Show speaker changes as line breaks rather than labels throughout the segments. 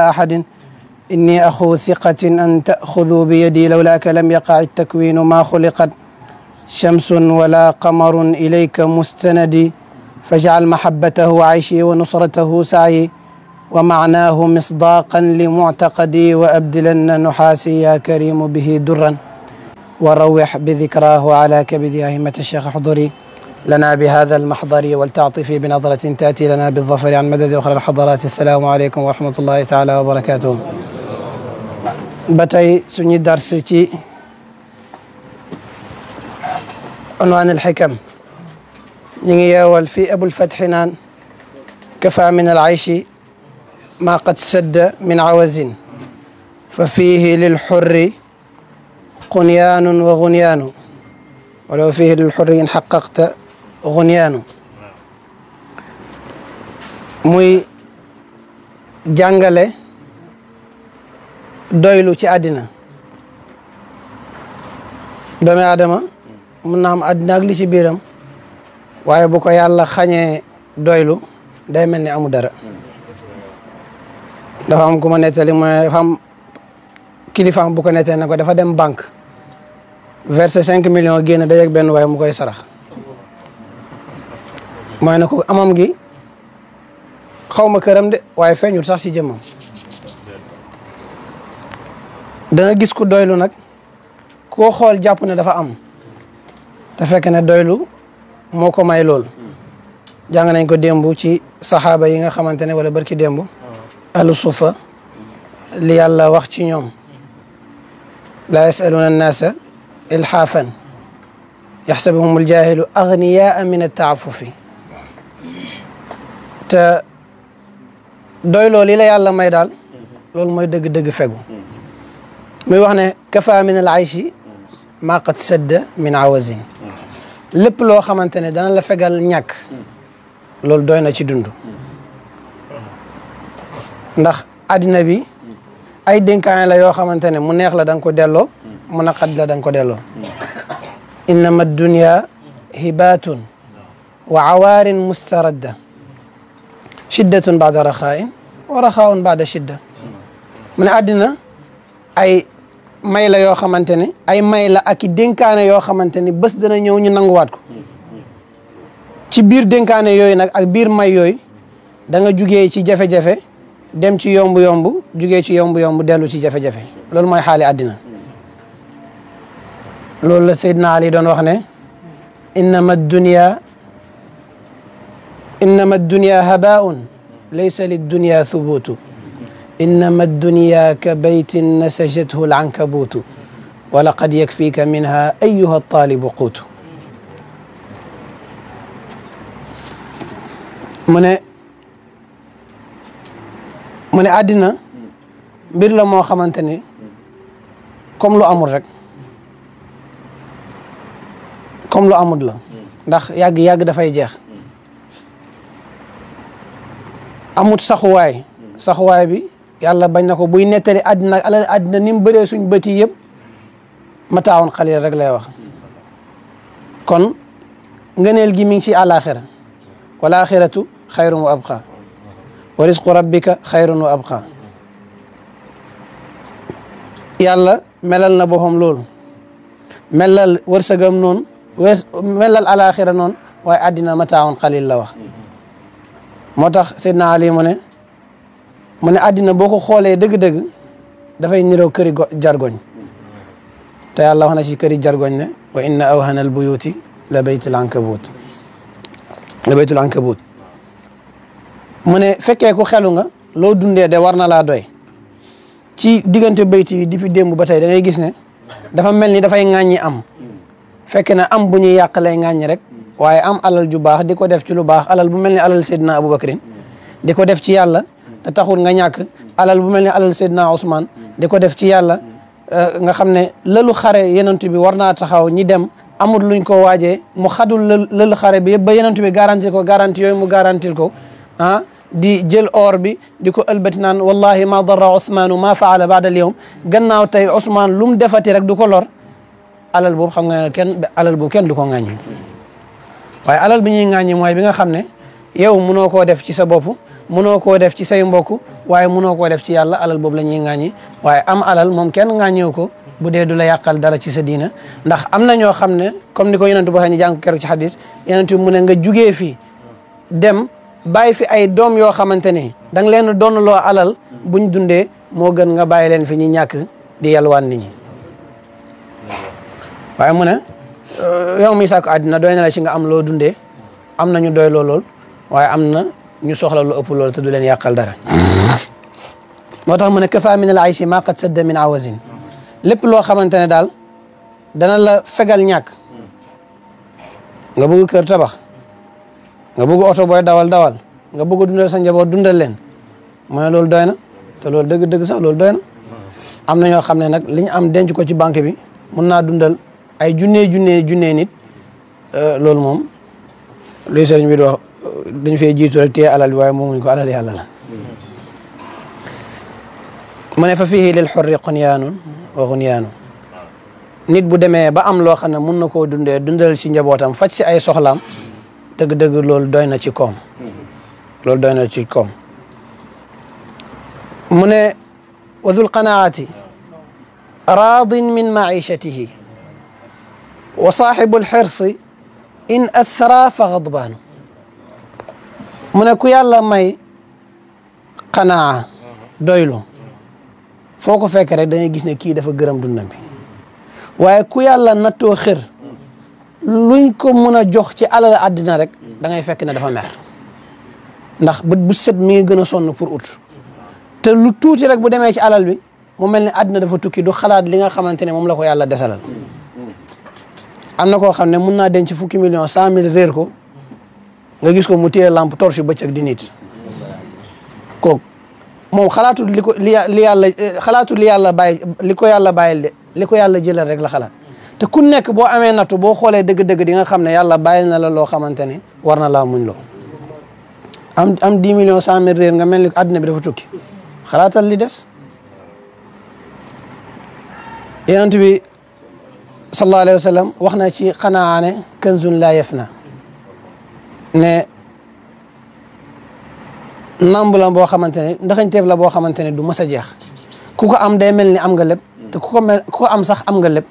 أحد إني أخو ثقة أن تأخذوا بيدي لولاك لم يقع التكوين ما خلقت شمس ولا قمر إليك مستندي فاجعل محبته عيشي ونصرته سعي ومعناه مصداقا لمعتقدي وأبدلن نحاسي يا كريم به درا وروح بذكراه على كبدي أهمة الشيخ حضري لنا بهذا المحضر والتعطف بنظرة تأتي لنا بالظفر عن مدد أخرى الحضارات السلام عليكم ورحمة الله تعالى وبركاته بتاي سني درس عنوان الحكم نيجي أول في أبو الفتح نان كفى من العيش ما قد سد من عوز ففيه للحر قنيان وغنيان ولو فيه للحر إن حققت xunyaanu muy jangale doylu ci adina doomi adama mun na am adina ak li ci biram waye bu ko yalla xagne doylu day melni ni amu dara dafa am kuma netali mo mooy kilifa am bu ko nettali ne ko dafa dem bank verser 5 millions day ak ben way mu koy sarax ma na ko amam gi xaw ma këram de waaye feeñul sax ci jëmmam da gis ku doylu nag koo xool jàpp ne dafa am te fekk doylu moo ko may lool jàng nañ ko démb ci saxaaba yi nga xamante ne wala barki démb ahlu suufa li yàlla wax ci ñoom laa yasaluuna annaasa ilxaafan yaxsabuhum aljahilu agniyaa min attaafufi te doy loolu li la yàlla may daal mm-hmm. loolu mooy dëgg-dëgg fegu mm-hmm. muy wax ne kafa min al ayshi maa qad sadda min awazin mm-hmm. lépp loo xamante ne dana la fegal ñàkk loolu doy na ci dund ndax addina bi ay dénkaane la yoo xamante ne mu neex la da nga ko delloo mu naqad la da nga ko delloo innama dunya hibaatun wa awaarin mustaradda shiddatun baada raxaain wa raxaaun baada shidda mu ne àddina ay may la yoo xamante ne ay may la ak dénkaane yoo xamante ni bés dana ñëw ñu nanguwaat ko ci biir dénkaane yooyu nag ak biir may yooyu danga nga jugee ci jafe-jafe dem ci yomb-yomb jugee ci yomb yombu dellu ci jafe-jafe loolu mooy xaali àddina loolu la Seydina Ali doon wax ne innama dunia إنما الدنيا هباء ليس للدنيا ثبوت إنما الدنيا كبيت نسجته العنكبوت ولقد يكفيك منها أيها الطالب قوت من من عدنا بير la moo xamante ne comme lu amul rek comme lu amul la ndax yagg jeex amut saxuwaay saxuwaay bi yàlla bañ na ko buy nettali àddina alal àddina ni mu bëree suñ yëpp mataawoon xalil rek lay wax kon ngëneel gi mi ngi ci àlaaxira wal axiratu xayrun wa abqa wa risqu rabbika xayrun wa abqa yàlla melal na boppam loolu melal wërsëgam noonu wës melal àlaaxira noonu waaye àddina mataawoon xalil wax moo tax Seydina Ali mu ne mu ne àddina boo ko xoolee dëgg dafay niroo këri jargoñ te yàlla wax na ci këri jargoñ ne wa inna awhana al buyuti la baytul ankabut la baytul ankabut mu ne fekkee ku xelu nga loo dundee de war na laa doy ci diggante bayti yi depuis démb ba tey dangay gis ne dafa mel ni dafay ŋàññi am fekke na am bu ñuy yàq lay ŋàññi rek waye am alal ju bax diko def ci lu bax alal bu melni alal Seydina Aboubacrin di ko def ci yàlla te taxul nga ñak alal bu melni alal Seydina usman diko def ci yàlla nga xamne ne lëlu xare yenente bi warna taxaw ñi dem amul luñ ko waje mu xadul lëlu xare bi yëpp ba yenentu bi garantie ko garantie yoy mu garantir ko ah di jël or bi diko ko nan wallahi ma darra usman ma faala baada al yawm gannaaw tay usman lum defati rek duko lor alal boobu xam nga ken alal boobu ken duko ko waaye alal bi ñuy ŋàññi mooy bi nga xam ne yow munoo koo def ci sa bopp mënoo koo def ci say mbokk waaye mënoo koo def ci yàlla alal boobu la ñuy ŋàññi waaye am alal moom kenn ŋàññeewu ko bu dee du la yàqal dara ci sa diina ndax am na ñoo xam ne comme ni ko yonentu bo waxee ñu jàng keroog ci xadis yonentu mu ne nga jugee fi dem bàyyi fi ay doom yoo xamante ne da leen doon loo alal ñu dundee moo gën nga bàyyi leen fi ñu ñàkk di yalwaan nit ñi Euh, yow mi sàkku àddina doy na la ci nga am loo dundee am na ñu doy loo lool waaye am na ñu soxla lu ëpp lool te du leen yàqal dara moo tax mu ne kafa min la ayshi ma qad sadda min awazin lépp loo xamante ne daal dana la fegal ñàkk nga bëgg kër tabax nga bëgg oto booy dawal dawal nga bëgg dundal sa njaboot dundal leen mu ne loolu doy te loolu dëgg-dëgg sax loolu doy na am na ñoo xam ne nag li ñu am denc ko ci banque bi mun naa dundal ay junnee junnee junnee nit euh loolu mom luy serigne bi di wax dañ fay jitu té alal way mom moomuñ ko alal yàlla la mané fa fihi lil hurri qunyan wa xunyaanu nit bu démé ba am lo xamné mën nako dundé dundal ci njabotam faj ci ay soxlam deug deug loolu doyna ci kom loolu doyna ci kom mune wa dhul qanaati raadin min maishatihi wa saaxibul xirsi in athara fa xadbaanu mu ne ku yàlla may xanaa doylu foo ko fekk rek dangay gis ne kii dafa gërëm dundam bi waaye ku yàlla nattoo xir luñ ko mën a jox ci alal àddina rek da ngay fekk ne dafa mer ndax bët bu set mi ngi gën a sonn pour ut te lu tuuti rek bu demee ci alal bi mu mel ne àddina dafa tukki du xalaat li nga xamante ne moom la ko yàlla desalal am na koo xam ne mun naa denc fukki million cent mille réer ko nga gis ko mu téye lampe torche yu bëccëg di nit kooku moom xalaatul li ko li li yàlla eh, xalaatul li ko yàlla bàyyil de li ko yàlla jëlal rek la xalaat te ku nekk boo amee nattu boo xoolee dëgg-dëgg di nga xam ne yàlla bàyyil na la loo xamante ne war na laa muñ loo am am dix cent mille réer nga mel ni àddina bi dafa tukki xalaatal li des yonent bi sallallahu alayhi wa wax na ci xanaa ne kanzun laa yafna ne namb la boo xamante ne ndaxañteef la boo xamante ne du mës a jeex ku ko am day mel ni am nga lépp te ku ko am sax am nga lépp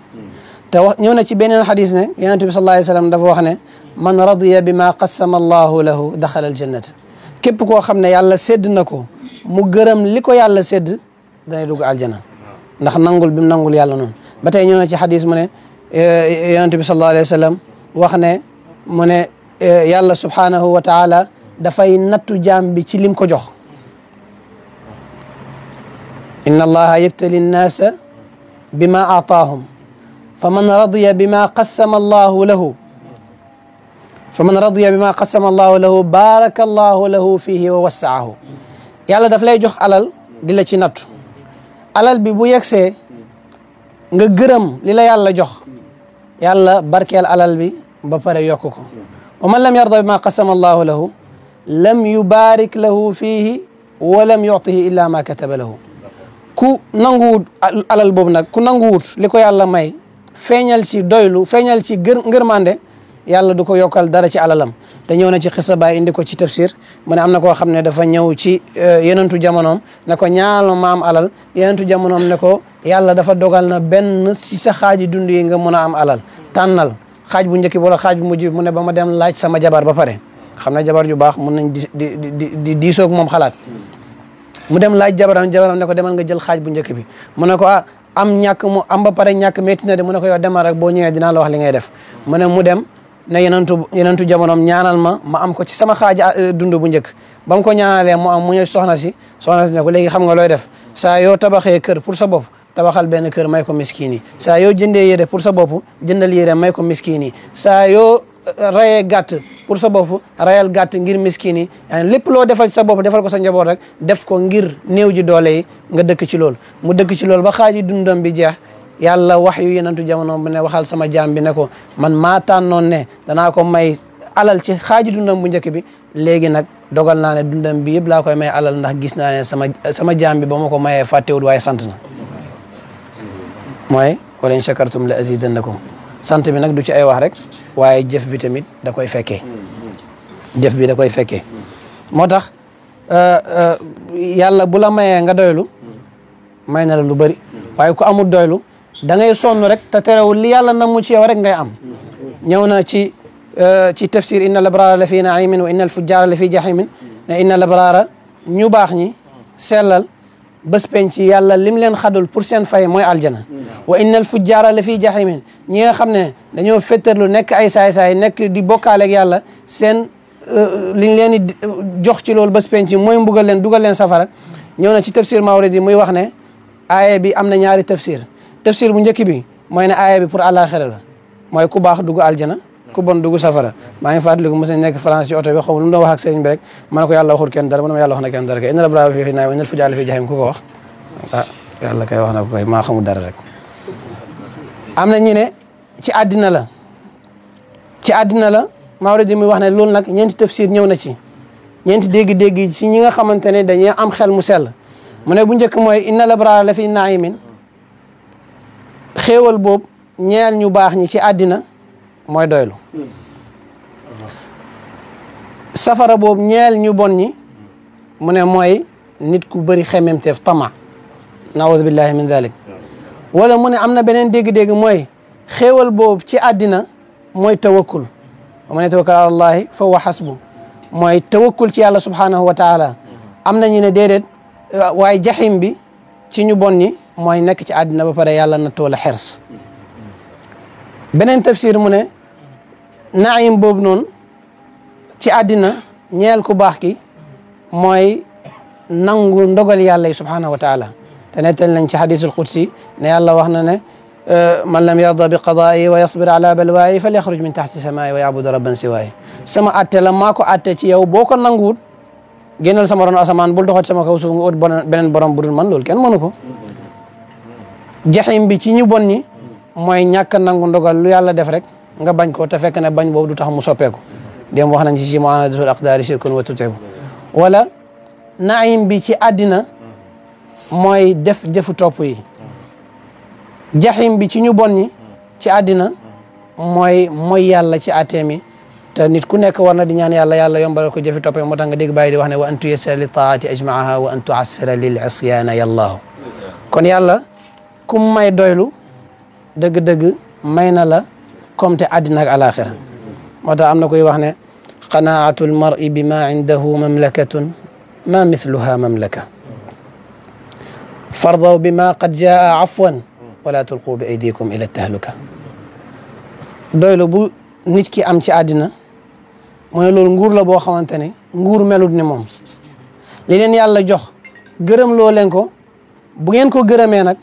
te wax ñëw na ci beneen xadis ne yonent bi sallallahu alayhi wa wax ne man radiya bi ma qassama allahu lahu daxala aljannata képp koo xam ne yàlla sedd na ko mu gërëm li ko yàlla sedd danay dugg aljana ndax nangul bi mu nangul yàlla noonu ba tey ñëw ci xadis mu ne Eh, eh, yonent bi sallallahu alayhi wa sallam wax ne mu ne eh, yàlla subhaanahu wa taala dafay nattu jaam bi ci lim ko jox inna allaha yabtali nnaasa bima aataahum fa man radiya bima qassama allahu lahu fa man radiya bima qassama allahu lahu baraka allahu lahu fihi wa wassaahu yàlla daf lay jox alal di la ci nattu alal bi bu yegsee nga gërëm li la yàlla jox yàlla barkeel alal bi ba pare yokk ko wa man lam yarda bi ma qasama allahu lahu lam yubaarik lahu fiihi wa lam yuctihi illa ma kataba lahu ku nanguwut alal boobu nag ku nanguwut li ko yàlla may feeñal ci doylu feeñal ci gër ngërmande yàlla du ko yokkal dara ci alalam te ñëw na ci xisa baay indi ko ci tafsir mu ne am na koo xam ne dafa ñëw ci eh, yenentu jamonoom ne ko ñaanal ma am alal yenentu jamonoom ne ko yalla dafa dogal na ben ci sa xaji dund yi nga mëna am alal tanal xaj bu njëkk wala xaj bu mujj mu ne bama dem laaj sama jabar ba paré xamna jabar ju baax mun nañ di di di sok mom xalaat mu dem laaj jabaram jabaram ne ko demal nga jël xaj bu njëkk bi mu ne ko ah, am ñak mu am ba paré ñak metti na de mu ne ko yow demal rek bo ñëwee dina la wax li ngay def mu ne mu dem ne yenentu yenentu jabonom ñaanal ma ma am ko ci sama xaaji ah, euh, dundu bu njëkk bam ko ñaanalee mu am mu ñëw soxna ci soxna ci ne ko léegi xam nga loy def sa yo tabaxé kër pour sa bopp waxal benn kër may ko miskiin yi saa yoo jëndee yére pour sa bopp jëndal yére may ko miskiin yi saa yoo eh, rayee gàtt pour sa bopp rayal gàtt ngir miskiin yi lépp loo defal sa bopp defal ko sa njaboot rek def ko ngir néew ji doole yi nga dëkk ci loolu mu dëkk ci loolu ba xaaji dundam bi jeex yàlla wax yu yenantu jamono bi ne waxal sama jaam bi ne ko man maa tànnoon ne danaa ko may alal ci xaaji dundam bu njëkk bi léegi nag dogal naa ne dundam bi yëpp laa ko may alal ndax gis naa ne sama sama jaam bi ba ma ko mayee fàttewul waaye sant na mooy wala in shakartum la ko sant bi nag du ci ay wax rek waaye jëf bi tamit da koy fekkee jëf bi da koy fekkee moo tax euh, euh, yàlla bu la mayee nga doylu may na la lu bëri waaye ku amul doylu dangay ngay sonn rek te terewul li yàlla namu ci yow rek ngay am ñëw na ci euh, ci tafsir inna labraara la fi naimin wa inna alfujjaara la fi jahimin ne inna labraara ñu ñi sellal bas penc yàlla lim leen xadul pour seen fay mooy aljana wa innal fujjaara la fi jaximin ñi nga xam ne dañoo lu nekk ay saay-saay nekk di bokkaaleeg yàlla seen euh, euh, liñ leen di euh, jox ci loolu bés penc mooy mbugal leen dugal leen safara ñëw na ci tafsir Mawridi muy wax ne aaya bi am na ñaari tafsir tafsir bu njëkk bi mooy ne aaya bi pour àllaaxira la mooy ku baax dugg aljana ku bon dugg safara maa ngi fàttaliku mos a nekk France ci oto bi xaw ma lu mu doon bi rek ma ko yàlla waxul kenn dara ma ma yàlla wax na kenn dara kay inna bravo fii fi naa inna fujaal fii jaxim ko wax ah am na ñu ne ci àddina la àddina la Mawardi wax ne loolu nag ñeenti tafsir ñëw na ci ñeenti dégg-dégg ñi nga xamante ne dañuy am xel mu sell mu ne bu njëkk mooy inna la fi naimin xéewal boobu baax ñi ci àddina mooy doylu safara boobu ñeel ñu bon ñi mu ne mooy nit ku bëri xememteef tama naawuzu billahi min dalik wala mu ne am na beneen dégg-dégg mooy xéewal boobu ci àddina mooy tawakkul wa man yatawakkal ala allahi fa mooy tawakkul ci yàlla subhanahu wa taala am na ñu ne déedéet waaye jaxim bi ci ñu bon ñi mooy nekk ci àddina ba pare yàlla nattoo la xers beneen tafsir mu ne naim boobu noonu ci àddina ñeel ku baax ki mooy nangu ndogal yàlla yi subhaanahu wa taala te nettal nañ ci xadisul xudsi ne yàlla wax na ne man lam yarda bi qadaayi wa yasbir ala balwaayi fal yaxruj min taxti samaayi wa yabudu rabban siwaayi sama atte la maa ko atte ci yow boo ko nanguwut génnal sama ron asamaan bul doxat sama kaw suuf nga beneen borom bu dul man loolu kenn mënu ko jaxim bi ci ñu bon ñi mooy ñàkk nangu ndogal lu yàlla def rek nga bañ ko te fekke ne bañ boobu du tax mu soppeeku dem wax nañ ci ci muanadatul aqdaari shirkun wa tutebu wala naim bi ci àddina mooy def jëfu topp yi jaxim bi ci ñu bon ñi ci addina mooy mooy yàlla ci àttee mi te nit ku nekk war na di ñaan yàlla yàlla yombalal ko jëfi toppee moo tax nga dégg bàyyi di wax ne wa an tuyassira li taati ajmaaha wa an tuassira lil isyaana yallaahu kon yàlla kum may doylu dëgg-dëgg may na la comme te àddina ak alaxira moo tax am na koy wax ne qanaatu lmari bi ma indahu mamlakatun ma mithluha mamlaka fardaw bi ma qad jaa afwan wala tulqu bi aydikum ila tahluka doylu bu nit ki am ci àddina mu ne loolu nguur la boo xamante ne nguur melut ni moom li leen yàlla jox gërëm loo leen ko bu ngeen ko gërëmee nag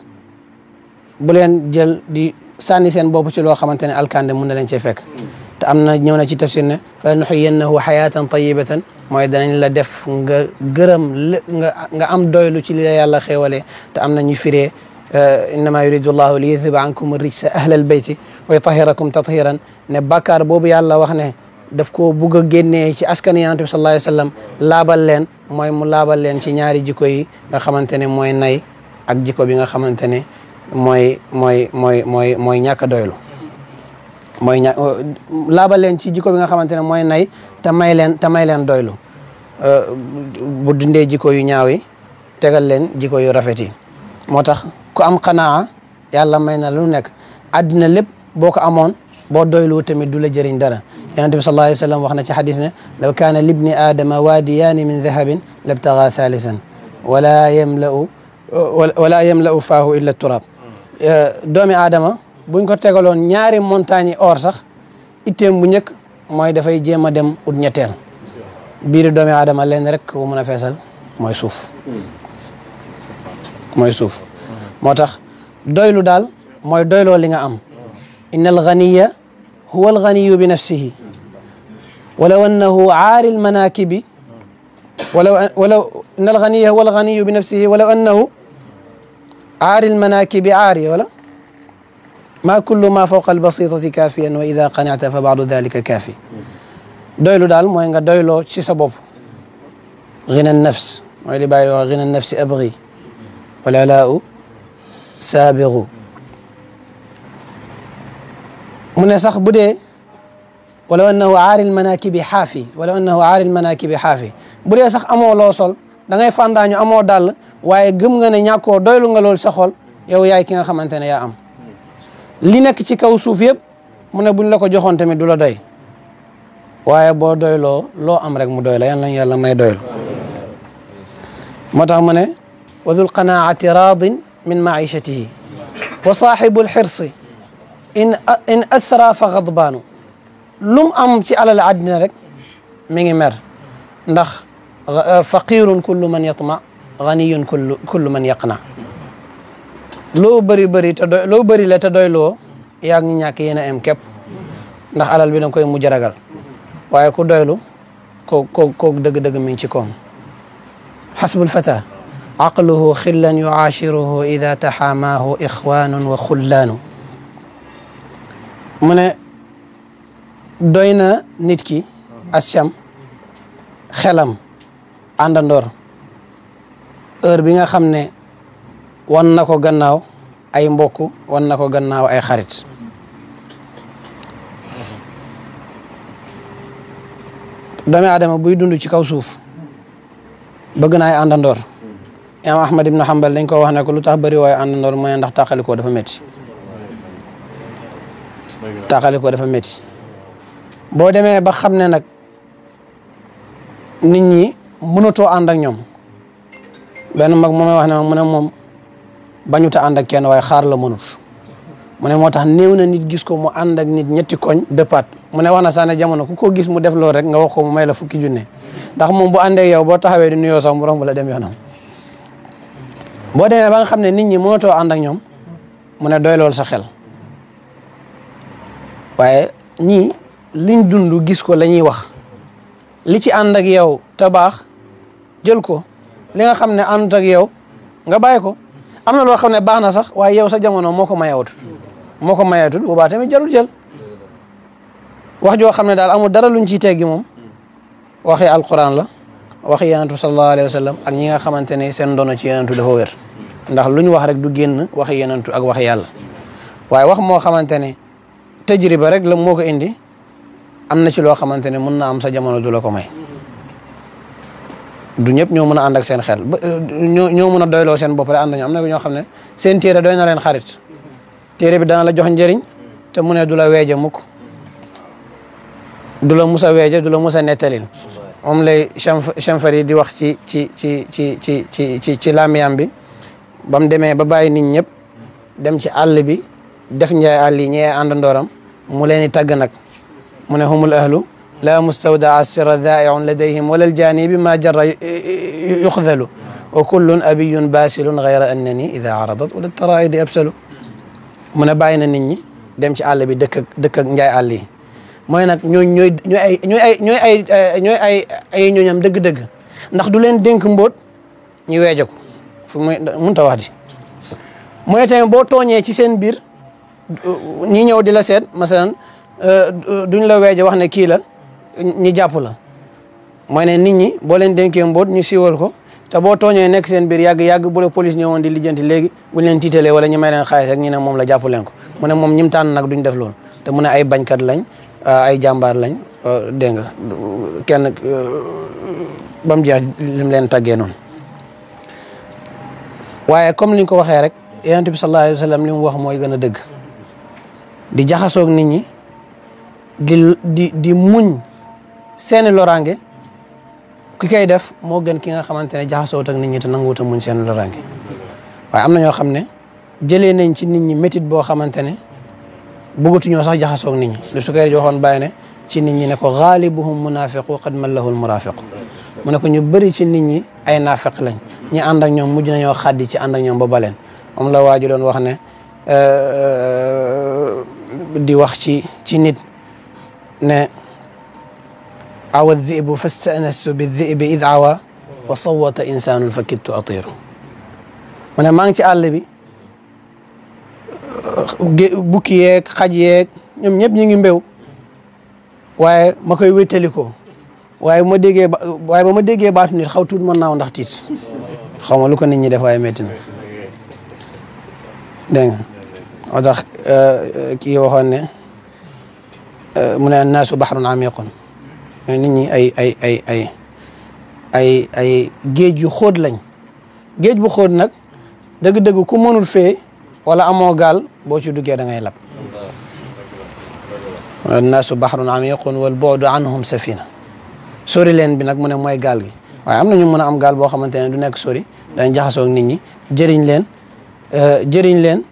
bu leen jël di sànni seen bopp ci loo xamante ne alkande mun na leen cee fekk te am na ñëw na ci tafsir ne fa lanuxyiyannahu xayaatan tayibatan mooy danañ la def nga gërëm nga nga am doylu ci li la yàlla xéewalee te am na ñu firee innama yuridu llahu li yudhiba ankum rijsa ahlal bayti wa yutahirakum tathiran ne bàkkaar boobu yàlla wax ne daf ko bugg a génnee ci askan yonent bi sallallahu alayhi wa laabal leen mooy mu laabal leen ci ñaari jikko yi nga xamante ne mooy nay ak jikko bi nga xamante ne mooy mooy mooy mooy mooy ñàkk a doylu oh, laabal leen ci jikko bi nga xamante ne mooy nay te may leen te may leen doylu uh, bu dundee jikko yu ñaaw yi tegal leen jiko yu rafet yi moo tax ku am xanaa yàlla may na lu nekk addina lépp boo ko amoon boo doylu tamit du la jëriñ dara yonente bi sallallahu alayhi wa sallam wax na ci xadis ne law kaana libni aadama waadiyaani min dahabin labtagaa thalisan wala yamla'u wala yamla'u faahu illa turab Euh, doomi aadama buñ ko tegaloon ñaari montagne or sax itteem bu njëkk mooy dafay jéem a dem ut ñetteel biiri doomi aadama leen rek bu mun a feesal mooy suuf mooy moo tax doylu daal mooy doyloo li nga am inna alganiya huwa alganiyu bi nafsihi walaw annahu aari almanakibi walaw inna alganiya huwa bi nafsihi walaw annahu عار المناكب عاري ولا ما كل ما فوق البسيطة كافيا وإذا قنعت فبعض ذلك كافي دويلو دال موينغا دويلو شي سبب غنى النفس ويلي باي غنى النفس أبغي والعلاء سابغ من سخ بدي ولو أنه عاري المناكب حافي ولو أنه عاري المناكب حافي بدي سخ أمو لوصل دعني فان دانيو أمو دال waaye gëm nga ne ñàkkoo doylu nga loolu sa xol yow yaay ki nga xamante ne yaa am li nekk ci kaw suuf yëpp mu ne buñ la ko joxoon tamit du la doy waaye boo doyloo loo am rek mu doy la yan lañ yàlla may doylu moo tax mu ne wa dul qanaati raadin min maishatihi wa saaxibu lxirsi in in asra fa xadbaanu lu mu am ci alal àddina rek mi ngi mer ndax faqirun kullu man yatma ganiyun kullu kullu man yaqna loo bëri bëri te doy loo bëri la te doy loo yaa ngi ñàkk yéen a am képp ndax alal bi da nga koy mujj ragal waaye ku doylu ko ko ko dëgg-dëgg mi ngi ci koom xasbul fata aqluhu xillan yuaashiruhu ida taxaamaahu ixwaanun wa xullaanu mu ne doy na nit ki ascam xelam àndandoor heure bi nga xam ne wan na ko gannaaw ay mbokk wan na ko gannaaw ay xarit doomi aadama buy dund ci kaw suuf bëgg na ay àndandoor imaam ahmad ibnu hambal dañ ko wax ne ko lu tax bëri waaye àndandoor mu ne ndax tàqalikoo dafa métti tàqalikoo dafa métti boo demee ba xam ne nag nit ñi mënatoo ànd ak ñoom benn mag moomay wax ne ma mu ne moom bañut a ànd ak kenn waaye xaar la mënut mu ne moo tax néew na nit gis ko mu ànd ak nit ñetti koñ dëppaat mu ne wax na sax jamono ku ko gis mu def lool rek nga wax ko mu may la fukki junne ndax moom bu àndee yow boo taxawee di nuyoo sax mu romb la dem yoonam boo demee ba nga xam ne nit ñi mënatoo ànd ak ñoom mu ne doy lool sa xel waaye ñii liñ dund gis ko lañuy wax li ci ànd ak yow te baax jël ko li nga xamne ne àndut ak yow nga bayiko amna lo xamne baxna sax waaye yow sa jamono moko mayawut moko mayatul ko ba boobaa tamit jarul jël wax jo xamne dal daal amul dara luñ ci teggi mom waxi alquran la waxi yantu sallallahu alayhi wasallam ak ñi nga xamantene ne seen ndono ci yantu dafa wér ndax luñ wax rek du génn waxi yantu ak waxi yàlla waaye wax mo xamantene tajriba rek la moko indi amna ci lo xamantene mën na am sa jamono du la ko may du ñep ñoo mëna and ak seen xel eh, ñoo ñoo mën a seen bop rek and ñu amna na ñoo xamne seen téré doy na leen xarit téré bi dana la jox njëriñ té mu né du la weeje mukk du la a du la mus a nettalil lay di wax ci ci ci ci ci ci ci ci làmmiyaam bi Bam démé ba bay nit ñep dem ci all bi def ñay all yi ñe and ndoram mu leen di tagg mu né humul ahlu لا مستودع السر ذائع لديهم ولا الجاني بما جر يخذل وكل أبي باسل غير أنني إذا عرضت ولا الترائد أبسل من بعين نني دمج على بدك دك جاي عليه ما ينك نوي نوي نوي نوي أي نوي أي أي نوي نم دك دك نخدولين دينك بود نوي أجاكو شو من تواري ما يتعين بوتون يتشين بير نيني ودلا سيد مثلا أه، دون لا ويجا واحنا كيلا ñi japp la mooy ne nit ñi bo leen denké mbot ñu siwol ko te bo tooñee nek seen bir yag yag bu le police ñewon di lijeenti légui buñ leen titélé wala ñu may leen xaalis ak ñi ne mom la japp leen ko mu ne moom ñim tan nak duñ def lool te mu ne ay kat lañ euh, ay jambar lañ euh, dégg kenn euh, bam jaa lim leen taggé non waye comme liñ ko waxé rek yantabi sallallahu alayhi wasallam lim wax moy gëna dëgg di ak nit ñi di di di muñ Seni lorange ki kay def mo gën ki nga xamantene ne tak utang nit ñi te nangu ta muñ seen lorange way amna ño xamne jëlé ne nañ ci nit ñi metit bo xamantene bëggatu ño sax ak nit ñi lu su koy joxoon ne ci nit ñi ne ko ghalibuhum munafiqu qad mallahul muraafiqu mu ne ko ñu bari ci nit ñi ay naafeq lañ ñi and ak ñom mujj nañu xadi ci and ak ñom ba balen am la waju doon wax ne euh, euh, di wax ci ci nit ne عوى الذئب فاستأنست بالذئب إذ عوى وصوت إنسان فكدت أطيره mu ne maa ngi ci àll bi bukki yeeg xaj yeeg ñoom ñëpp ñu ngi mbéw waaye ma koy wéttalikoo waaye bu ma déggee ba waaye ba ma déggee baatu nit xaw tuut mën naaw ndax tiit xaw ma lu ko nit ñi def waaye métti na dégg nga moo tax kii waxoon ne mu ne annaasu bahrun amiqun nit ñi ay ay ay ay géej yu xóot lañ géej bu xóot nag dëgg-dëgg ku mënul fee wala amoo gaal boo ci duggee da ngay lab annaasu bahrun amiqun wal boodu anhum safina sori leen bi nag mu ne mooy gaal gi am nañu mën a am gaal boo xamante ne du nekk sori dañ jaxasoo nit ñi jëriñ leen euh, jëriñ leen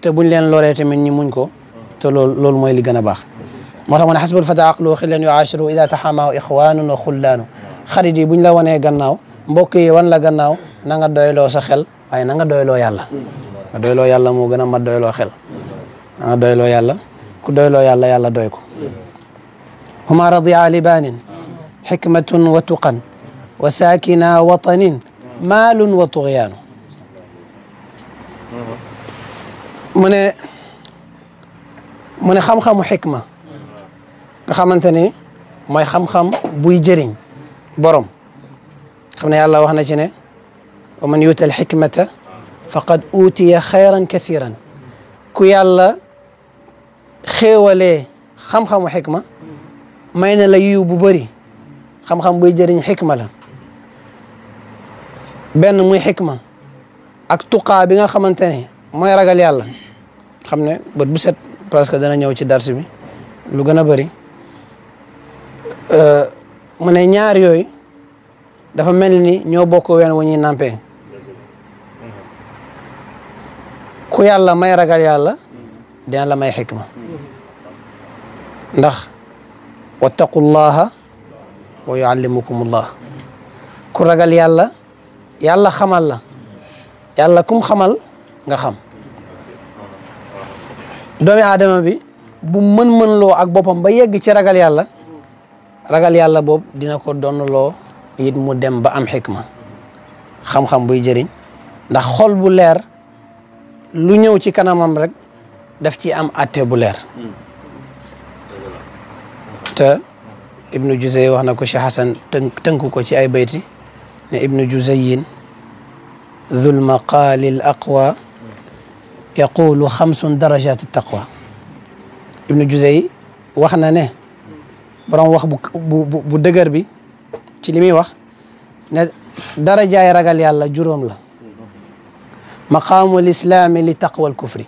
te buñ leen loree tamit ñi muñ ko te loolu loolu mooy li gën a baax moo tax mu ne xasbul fata aqlu xillan yuaashiru ida taxamaa ixwaanun wa xullaanu xarit yi buñ la wanee gannaaw mbokk yi wan la gannaaw na nga doyloo sa xel waaye na nga doyloo yàlla nga doyloo yàlla moo gën a mat doyloo xel na nga doyloo yàlla ku doyloo yàlla yàlla doy ko huma radia libaanin xikmatun wa tuqan wa saakina watanin maalun wa tuxyaanu mu ne mu ne xam-xamu xikma nga xamante ne mooy xam-xam buy jëriñ borom xam ne yàlla wax na ci ne wa man yuutal xikmata faqad uutiya xayran kathiran ku yàlla xéewalee xam-xamu xikma may na la yiw bu bari xam-xam buy jëriñ xikma la benn muy xikma ak tuqaa bi nga xamante ne mooy ragal yàlla xam ne bët bu set dana ñëw ci dars bi lu gën a bëri mu ne ñaar yooyu dafa mel ni ñoo bokk ween wu ñuy nampee ku yàlla may ragal yàlla dina la may xikma ndax wattaqullaha wa yuallimukumullah ku ragal yàlla yàlla xamal la yàlla kum xamal nga xam doomi aadama bi bu mën-mën loo ak boppam ba yegg ci ragal yàlla ragal yàlla bob dina ko don lo yit mu dem ba am hikma xam-xam buy jëriñ ndax xol bu leer lu ñëw ci kanamam rek daf ci am atte bu leer te ibnu Juzay wax na ko Cheikh Hasan tënk tënku ko ci ay bayti ne ibnu Juzayin dhul maqaali l aqwa yaqulu xamsun darajat taqwa ibnu Juzay wax na borom wax bu dëgër bi ci li muy wax ne darajaay ragal yàlla juróom la maqaamu lislaami li taqwal kufri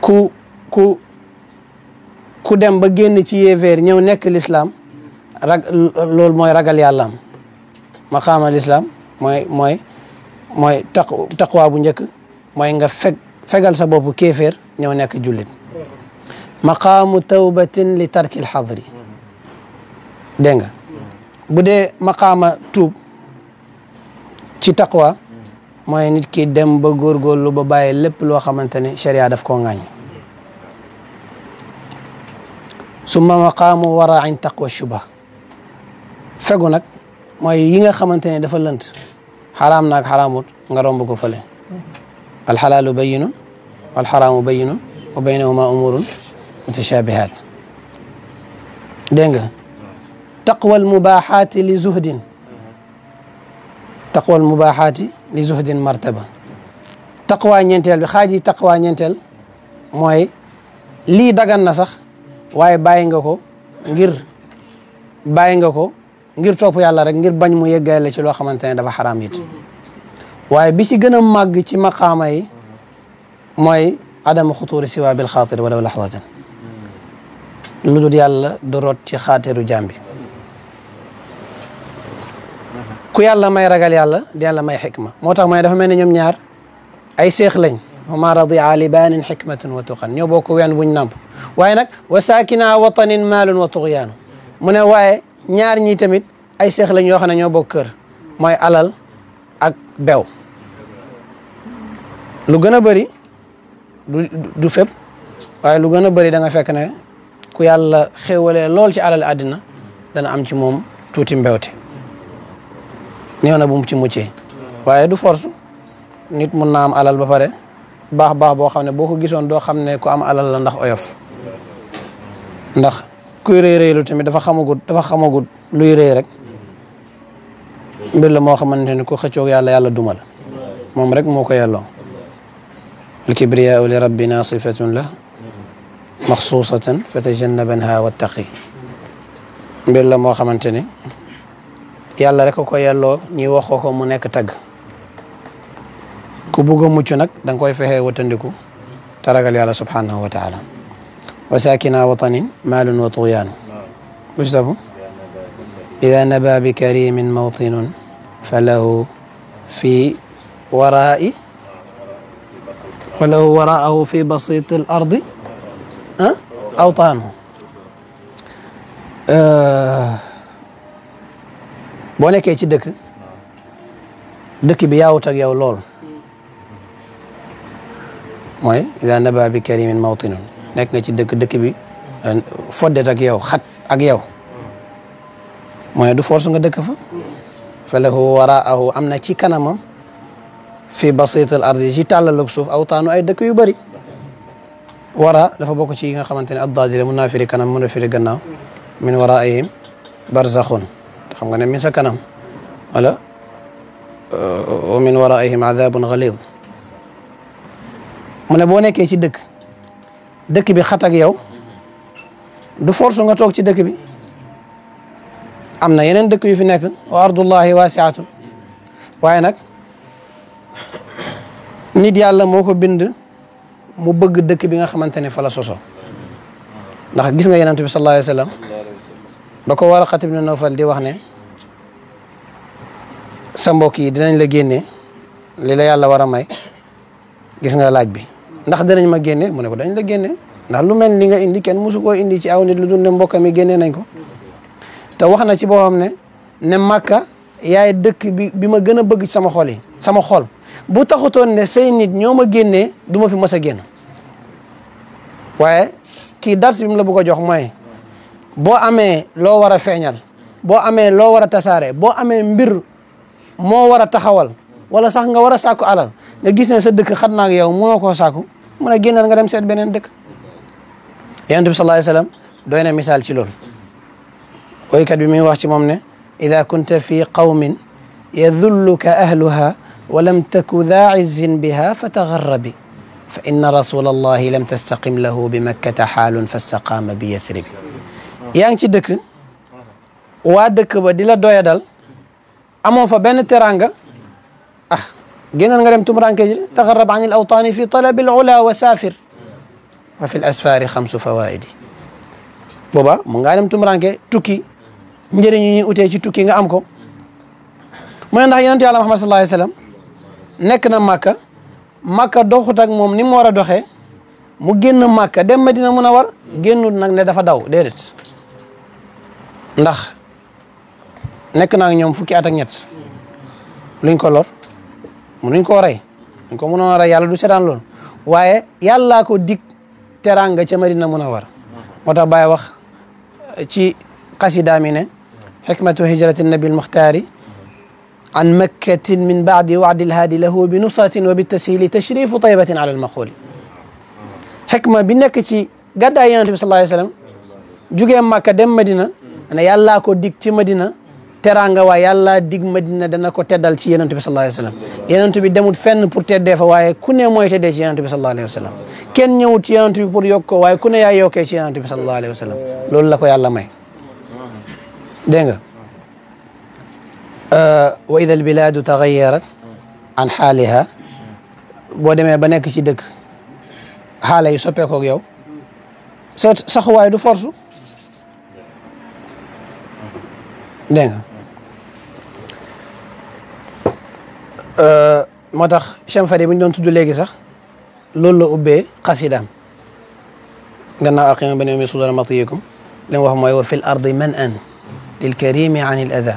ku ku dem ba génn ci yéeféer ñëw nekk lislaam rag loolu mooy ragal yàllaam maqaamu lislaam mooy mooy mooy taq bu njëkk mooy nga feg fegal sa bopp kéeféer ñëw nekk jullit maqaamu tawbatin li tarkil xadri dégg nga bu dee maqaama tuub ci taqwa mooy nit ki dem ba góorgóorlu ba bàyyi lépp loo xamante ne sharia daf koo ŋaañi summa maqaamu wara an taqwa shubha fegu nag mooy yi nga xamante ne dafa lënt xaraam naag xaraamut nga romb ko fële alxalaalu bayinun walxaraamu bayinun wa baynahuma umurun mutashabihat dégg nga taqwal mubahaati li zuhdin taqwal mubahaati li zuhdin martaba taqwaa ñeenteel bi xaaj yi taqwaa mooy lii dagan na sax waaye bàyyi nga ko ngir bàyyi nga ko ngir topp yàlla rek ngir bañ mu yeggaay la ci loo xamante ne dafa xaraam waaye bi ci gën a màgg ci maqaama yi mooy adamu xutuuri siwa bil wala laxdatan لودو يالا دروت سي خاتيرو جامبي كو يالا ماي راغال يالا دي يالا ماي حكمه موتاخ ماي دافا ميني نيوم ñar اي شيخ لاج هما رضي عالبان حكمه وتقن نيو بوكو ويان بو نامب واي نا وساكنا وطن مال وتغيان من واي ñar ñi تاميت اي شيخ لاج يو خنا نيو بو كير ماي علال اك بيو لو گنا بري دو فيب waye lu gëna bari da nga fekk ne ku yàlla xéwalee lool ci alal àddina dana am ci moom tuuti mbewte néew na bu mu ci muccee waaye du force nit mun naa am alal ba pare baax baax boo xam ne boo ko gisoon doo xam ne ku am alal la ndax oyof ndax kuy rëy rëylu tamit dafa xamagut dafa xamagut luy rëy rek mbir la moo xamante ni ku xëccoog yàlla yàlla duma la moom rek moo ko yelloo alkibriyaa li rabbina sifatun la مخصوصة فتجنبنها واتقي بلا مو خمنتني يالا ريكو كو يالو ني واخو كو مو نيك تاغ كو بوغو موچو نك دنگ كوي فخي واتانديكو تراغال يالا سبحانه وتعالى وساكنا وطن مال وطغيان مجدبو إذا نبى بكريم موطن فله في وراء فله وراءه في بسيط الأرض أه؟ أوطانه أه. بونيك يا تشدك دكي بياوتك يا ولول موي إذا نبى بكريم موطن نك نتي دك دك بي فدتك ياو خات اك ياو موي دو فورس nga دك فا فله وراءه امنا تي كانما في بسيط الارض جي تالو سوف اوطانو اي دك يو بري وراء دافا بوكو شي ييغا خامتاني الضاجل منافر كانوا منافر غناو من ورائهم برزخون خمغا من سكنهم ولا ومن ورائهم عذاب غليظ من بو نيكي سي دك دك بي خطاك ياو دو فورسو nga tok ci dekk bi amna yenen dekk yu fi nek wa ardullahi wasi'atun waye nak nit yalla moko bind mu bëgg dëkk bi nga xamante ne fa soso ndax gis nga yonent bi sallallahu alayhi wa sallam ba ko war a xatib na Nawfal di wax ne sa mbokk yi dinañ la génne li la yàlla war a may gis nga laaj bi ndax dinañ ma génne mu ne ko dañ la génne ndax lu mel li nga indi kenn mosu koo indi ci aw nit lu dul ne mbokk mi génne nañ ko te wax na ci boo xam ne ne Makka yaay dëkk bi bi ma gën a bëgg sama xol yi sama xol bu taxutoon ne say nit ñoo ma génnee du ma fi mës a génn waaye kii dars bi mu la bëgg a jox mooy boo amee loo war a feeñal boo amee loo war a tasaare boo amee mbir moo war a taxawal wala sax nga war a sàkku alal nga gis ne sa dëkk xat naa ak yow mënoo koo sàkku mën a génnal nga dem seet beneen dëkk yonent bi sallallahu alayhi wasallam doy na misaal ci loolu woykat bi mi ngi wax ci moom ne ida kunta fi qawmin yadulluka ahluha ولم تك ذا عز بها فتغربي فإن رسول الله لم تستقم له بمكة حال فاستقام بيثرب يعني كدك وادك بديلا دويا دل أمون فبين ترانغا أه جينا نغرم تمران تغرب عن الأوطان في طلب العلا وسافر وفي الأسفار خمس فوائد بابا من غرم تمران كي توكي نجري نيني أوتي توكي نغا أمكو من عند الله محمد صلى الله عليه وسلم nekk na màkka màkka doxut moom ni mu war a doxee mu génn màkka dem Madina mun a war génnul nag ne dafa daw déedéet ndax nekk naa ñoom fukki at ak ñett luñ ko lor munuñ ko rey luñ ko mënoon a rey yàlla du seetaan loolu waaye yàllaa ko dig teraanga ca Madina mun a war moo tax Baay wax ci xasidaami ne xikmatu hijrati nabil muxtaari عن مكة من بعد وعد الهادي له بنصرة وبالتسهيل تشريف طيبة على المقول حكمة بنكتي قد أيان النبي صلى الله عليه وسلم jóge Makka dem Madina ne yàllaa ko dig ci Madina teraanga waaye yàllaa dig Madina dana ko teddal ci yenentu bi sallallahu alayhi wa sallam yenentu bi demut fenn pour teddee fa waaye ku ne mooy teddee ci yenentu bi sallallahu alayhi wa sallam kenn ñëwut ci yenentu bi pour yokk ko waaye ku ne yaa yokkee ci yenentu bi sallallahu alayhi wa sallam loolu la ko yàlla may dégg nga آه، وإذا البلاد تغيرت عن حالها بودي بنك شي دك حالة يسوبيكو يو سخوا يدو فرصو دين آه، موتاخ شام فادي بن دون تدو ليغي صاح لولو اوبي قصيدام قلنا اقيم بن يومي صدر مطيكم لن وهم يور في الارض من ان للكريم عن الاذى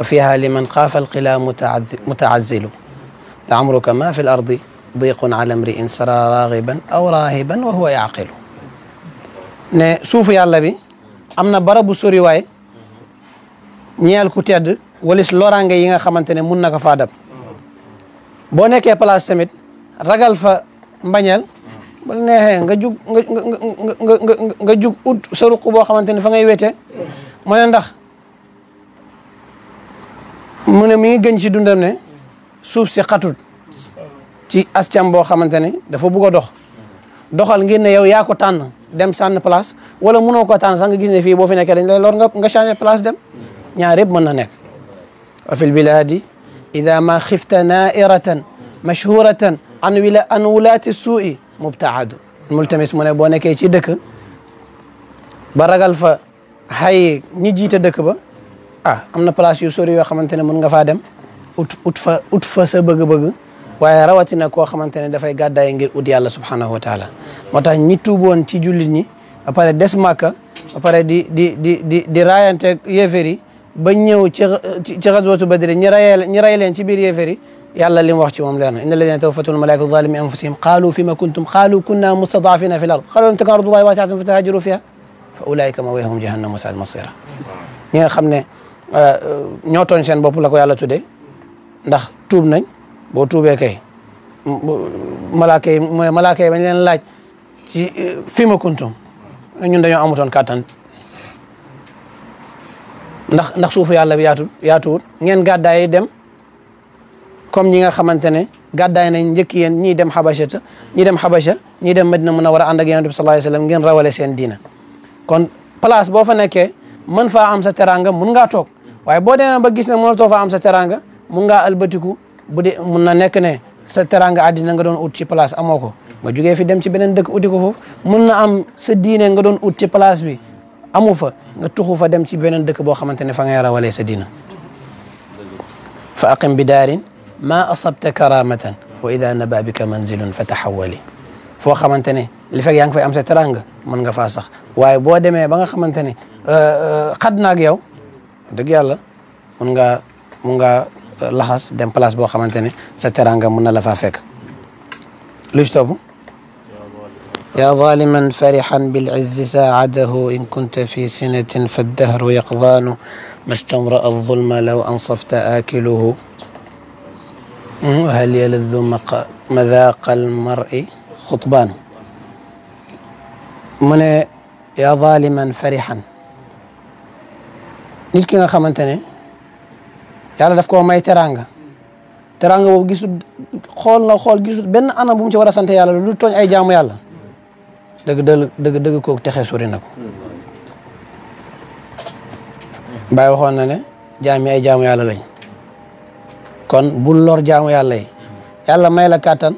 وفيها لمن خاف القلا متعزل لعمرك ما في الأرض ضيق على امرئ سرى راغبا أو راهبا وهو يعقل سوف الله بي أمنا برابو سوري واي نيال كتاد وليس لورانجا ينغا خمانتني منك فادب بونيك يا بلاس سميت رجل ف مبانيال بل نيه نغا جوك نغا جوك اوت سرق بو خمانتني فغاي ويتي مونن داخ mu ne mi ngi gën ci dundam ne suuf si xatut ci ascam boo xamante ne dafa bugg a dox doxal ngir ne yow yaa ko tànn dem sànn place wala mënoo ko tànn sax nga gis ne fii boo fi nekkee dañ lay lor nga nga changé place dem ñaar yëpp mën na nekk wa fi l biladi ma xifta nairatan mashhuratan an wila an wulaati suui mubtaadu multamis mu ne boo nekkee ci dëkk ba ragal fa xay ñi jiite dëkk ba ah am na place yu sori yoo xamante ne mën nga faa dem ut ut fa ut fa sa bëgg-bëgg waaye rawatina koo xamante ne dafay gàddaay ngir ut yàlla subhanahu wa taala moo tax ñi tuuboon ci jullit ñi ba pare des màkka ba pare di di di di di raayante yéeféer yi ba ñëw ci ci xaswatu badri ñi rayee ñi ray leen ci biir yéeféer yi yàlla li mu wax ci moom leer na inna alladina tawfatul malaikatu zalimi anfusihim qaalu fi ma kuntum qaalu kunna mustadafina fi l ard qaalu lam takun ardullahi waasiatan fa tahajaru fiha fa ulaika mawihum jahannamu saat masira ñi nga xam ne Euh, ñoo tooñ seen bopp la ko yàlla tuddee ndax tuub nañ boo tuubee kay malaaka yi mooy malaaka yi bañ leen laaj ci euh, fi ma kuntum ñun dañoo amutoon kàttan ndax ndax suufu yàlla bi yaatu yaatuwut ngeen gàddaay dem comme ñi nga xamante ne gàddaay nañ njëkk yéen ñii dem xabasha ta dem xabasha ñii dem madina mun a war a ànd ak yonent bi sallallahu wasallam ngeen rawale seen diina kon place boo fa nekkee mën faa am sa teraanga mun ngaa toog waye bo demee ba gis ne mënatoo fa am sa teranga mu nga albatiku bu dee mun na nek ne sa teranga adina nga don out ci place amoko ko nga jugee fi dem ci benen dëkk outi ko foofu mu na am sa diine nga don out ci place bi amu fa nga tuxu fa dem ci benen dëkk bo xamanténi ne fa ngay rawalee sa diina fa aqim bi daarin ma asabta karamatan wa ida naba bika manzilun fa taxawali foo xamante ne li fekk yaa ngi fay am sa teranga mën nga faa sax waaye boo demee ba nga xamante ne xad naag yow deug yàlla mën nga mun nga euh, lahas dem place bo xamante sa teranga mën na la fa fek lu ci يا ظالما فرحا بالعز ساعده إن كنت في سنة فالدهر يقضان ما استمرأ الظلم لو أنصفت آكله وهل يلذ مذاق المرء خطبان من يا ظالما فرحا nit ki nga xamante ne yàlla def koo may teraanga teraanga boobu gisul xool xool gisul benn anam bu mu ci war a sant yàlla lu tooñ ay jaamu yàlla dëgg dëgg dëgg kooku texe sori na ko Baay waxoon na ne jaam yi ay jaamu yàlla lay kon bul lor jaamu yàlla yi yàlla may la kàttan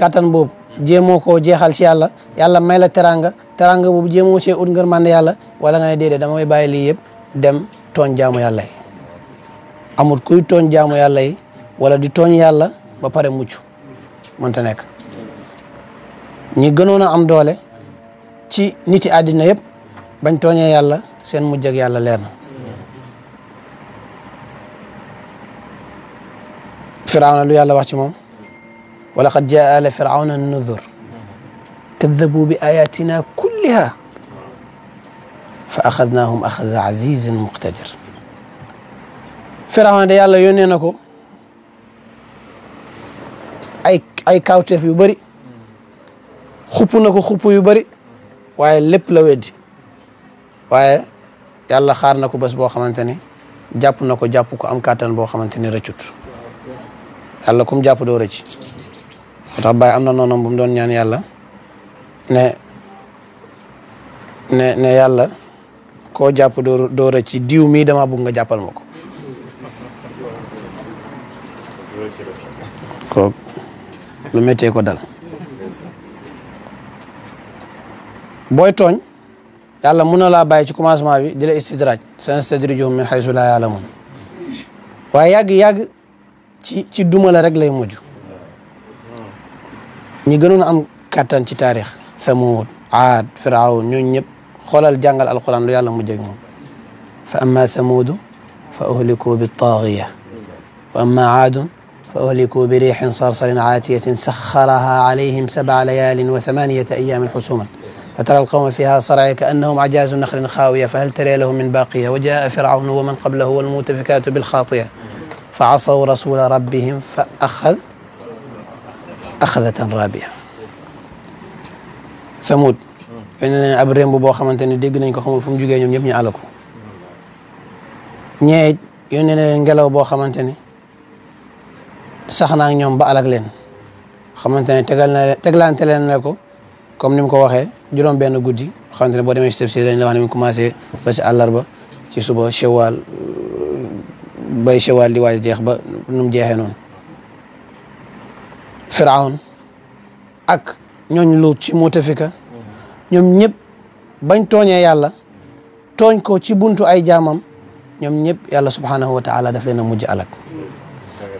kàttan boobu jéemoo koo jeexal ci yàlla yàlla may la teraanga teraanga boobu jéemoo see ut ngërmande yàlla wala nga ne déedéet damay bàyyi lii yëpp dem tooñ jaamu yàlla yi amul kuy tooñ jaamu yàlla yi wala di tooñ yàlla ba pare mucc mënta nekk ñi gënoon a am doole ci niti àddina yëpp bañ tooñee yàlla seen mujj ak yàlla leer na firawna lu yàlla wax ci moom wa laqad jaa ala firawna nuzur kaddabu bi ayatina kulliha فأخذناهم أخذ عزيز مقتدر فرعون ديال الله يونينكو أي أي كاوتف يبري خبو نكو خبو يبري واي لب لويد واي يالله خار نكو بس بو خمانتني جابو نكو جابو كو أم كاتن بو خمانتني رجوت يالله كم جابو دو رجي رب باي أمنا نونا بمدون يعني يالله ne ne yalla koo jàpp doo doo ci diw mii dama bëgg nga jàppal ma ko ko lu méttee ko dal booy tooñ yàlla mun na laa bàyyi ci commencement bi di la istidraaj sanastadrijuhum min haysu laa yaalamun waaye yàgg-yàgg ci ci dumala rek lay mujj ñi gënoon am kàttan ci taarix samuud aad firawn ñooñu ñëpp خلال جنغل القرآن لو يعلم مجرمون فأما ثمود فأهلكوا بالطاغية وأما عاد فأهلكوا بريح صرصر عاتية سخرها عليهم سبع ليال وثمانية أيام حسوما فترى القوم فيها صرع كأنهم عجاز نخل خاوية فهل ترى لهم من باقية وجاء فرعون ومن قبله والمتفكات بالخاطئة فعصوا رسول ربهم فأخذ أخذة رابية ثمود yónne leen ab remb boo xamante ne dégg nañ ko xamul fu mu jugee ñoom ñëpp ñu àll ko ñee yónne ngelaw boo xamante ne sax na ñoom ba alak leen xamante ne tegal na teglante leen na ko comme ni ko waxee juróom benn guddi xamante boo demee si tafsir na la wax ne mu commencé ba si àllarba ci suba chewaal bay chewaal di waaj jeex ba nu mu jeexee noonu firawn ak ñooñ luut ci mutafika ñoom ñëpp bañ tooñee yàlla tooñ ko ci buntu ay jaamam ñoom ñëpp yàlla subhaanahu wa taala daf leen a mujj alak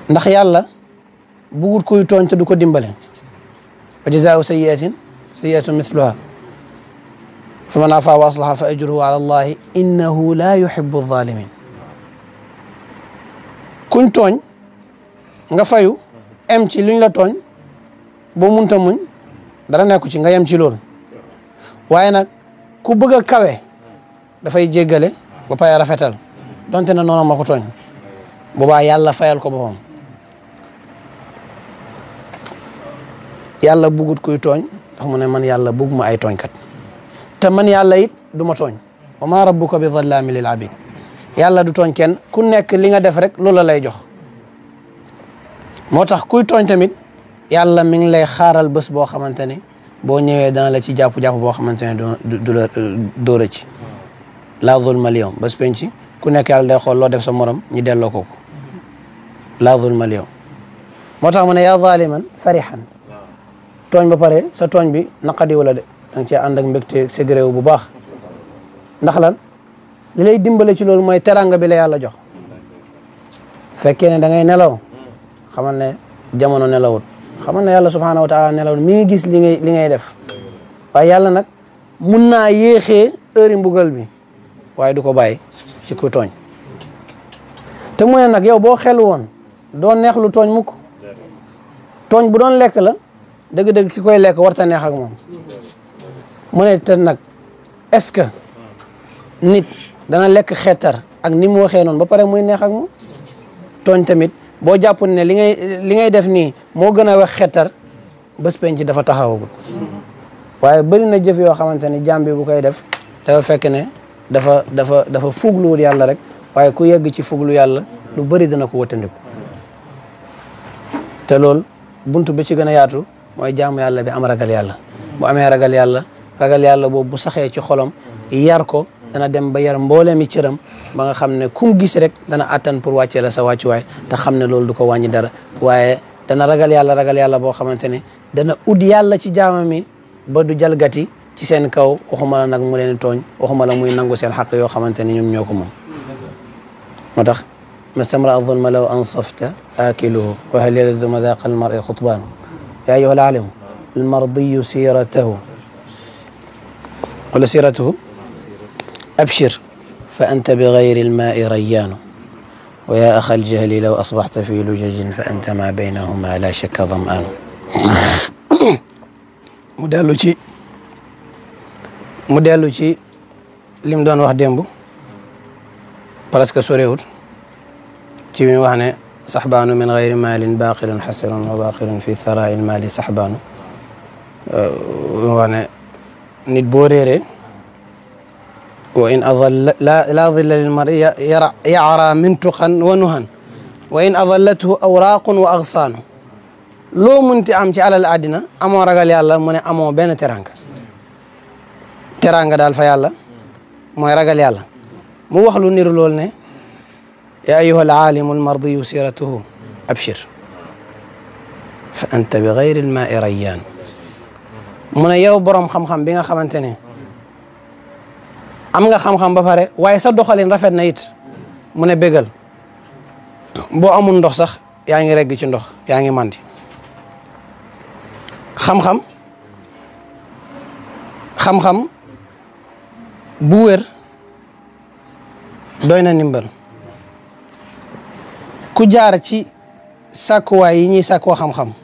ndax yàlla bugut kuy tooñ te du ko dimbale wa jazaau sayyiatin sayyiatun mithluha fa man afaa wa aslaha fa ajruhu ala allahi innahu la yuhibbu zalimin kuñ tooñ nga fayu em ci liñ la tooñ boo munta muñ dara nekku ci nga yem ci loolu waaye nag ku bëgg a kawe dafay jéggale ba pare rafetal donte na noonu ma ko tooñ boobaa yàlla fayal ko boppam yàlla buggut kuy tooñ ndax mu ne man yàlla bugg ma ay tooñkat te man yàlla yit du ma tooñ wa ma rabbuka bi zallaami lil abid yàlla du tooñ kenn ku nekk li nga def rek loola lay jox moo tax kuy tooñ tamit yàlla mi ngi lay xaaral bés boo xamante ni boo ñëwee dana la ci jàpp-jàpp boo xamante ne du du la euh, dóora ci laa zulma al-yawm ku nekk yàlla day xool loo def sa morom ñu delloo ko ko laa zulma al-yawm moo tax mu ne yaa zaliman farihan tooñ ba pare sa tooñ bi naqadi wala de da nga cee ànd ak bu baax ndax lan li lay dimbale ci loolu mooy teranga bi la yàlla jox fekkee ne dangay ngay nelaw xamal ne jamono nelawut xamal na yàlla subhaanahu wa taala nelaw mi ngi gis li ngay li ngay def waaye yàlla nag mun naa yéexee heure mbugal bi waaye du ko bàyyi ci ku tooñ te mu ne nag yow boo xel woon doo neex lu tooñ mukk tooñ bu doon lekk la dëgg-dëgg ki koy lekk warta neex ak moom mu ne te nag est-ce que nit dana lekk xeetar ak ni mu waxee noonu ba pare muy neex ak moom tooñ tamit boo jàppoon ne li ngay li ngay def nii moo gën a wax xetar bés penc dafa taxawagul waaye bëri na jëf yoo xamante ne jàmm bu koy def dafa fekk ne dafa dafa dafa fugluwul yàlla rek waaye ku yegg ci fuglu yàlla lu bari dana ko wëttandiku te loolu buntu bi ci gën a yaatu mooy jaamu yàlla bi am ragal yàlla bu amee ragal yàlla ragal yàlla boobu bu saxee ci xolom yar ko dana dem ba yaram mbooleemi cëram ba nga xam ne kum gis rek dana attan pour wàccee la sa wàccuwaay te xam ne loolu du ko wàññi dara waaye dana ragal yàlla ragal yàlla boo xamante ne dana ut yàlla ci jaama mi ba du jalgati ci seen kaw waxuma la nag mu leen tooñ waxuma la muy nangu seen xaq yoo xamante ne ñoom ñoo ko moom moo tax mastamra zulma law ansafta akiluhu wa hal yalidhu madaqa almar'i xutbaanu yaa ayyuha alaalimu almardiyu siiratahu wala siiratuhu أبشر فأنت بغير الماء ريان ويا أخ الجهل لو أصبحت في لجج فأنت ما بينهما لا شك ظمآن مدالوشي مدالوشي لم دون واحد ديمبو بلسك سوريوت تيمين واحنا صحبان من غير مال باقل حسن وباقل في ثراء المال صحبان أه، واحنا نتبوريري وإن أظل لا ظل للمرء يعرى من تخا ونهى وإن أظلته أوراق وأغصان لو منتي أمتي على الأدنى أما رجال يالا من أما بين ترانكا ترانكا دالفا يالا ما رجال يالا مو وخلو نير يا أيها العالم المرضي سيرته أبشر فأنت بغير الماء ريان من يوبرم خم خم بين خمنتني am nga xam-xam ba pare waaye sa doxalin rafet na it mu ne bégal boo amul ndox sax yaa ngi regg ci ndox yaa ngi màndi xam-xam xam bu wër doy na ndimbal ku jaar ci sàkkuwaay yi ñuy sàkkoo xam-xam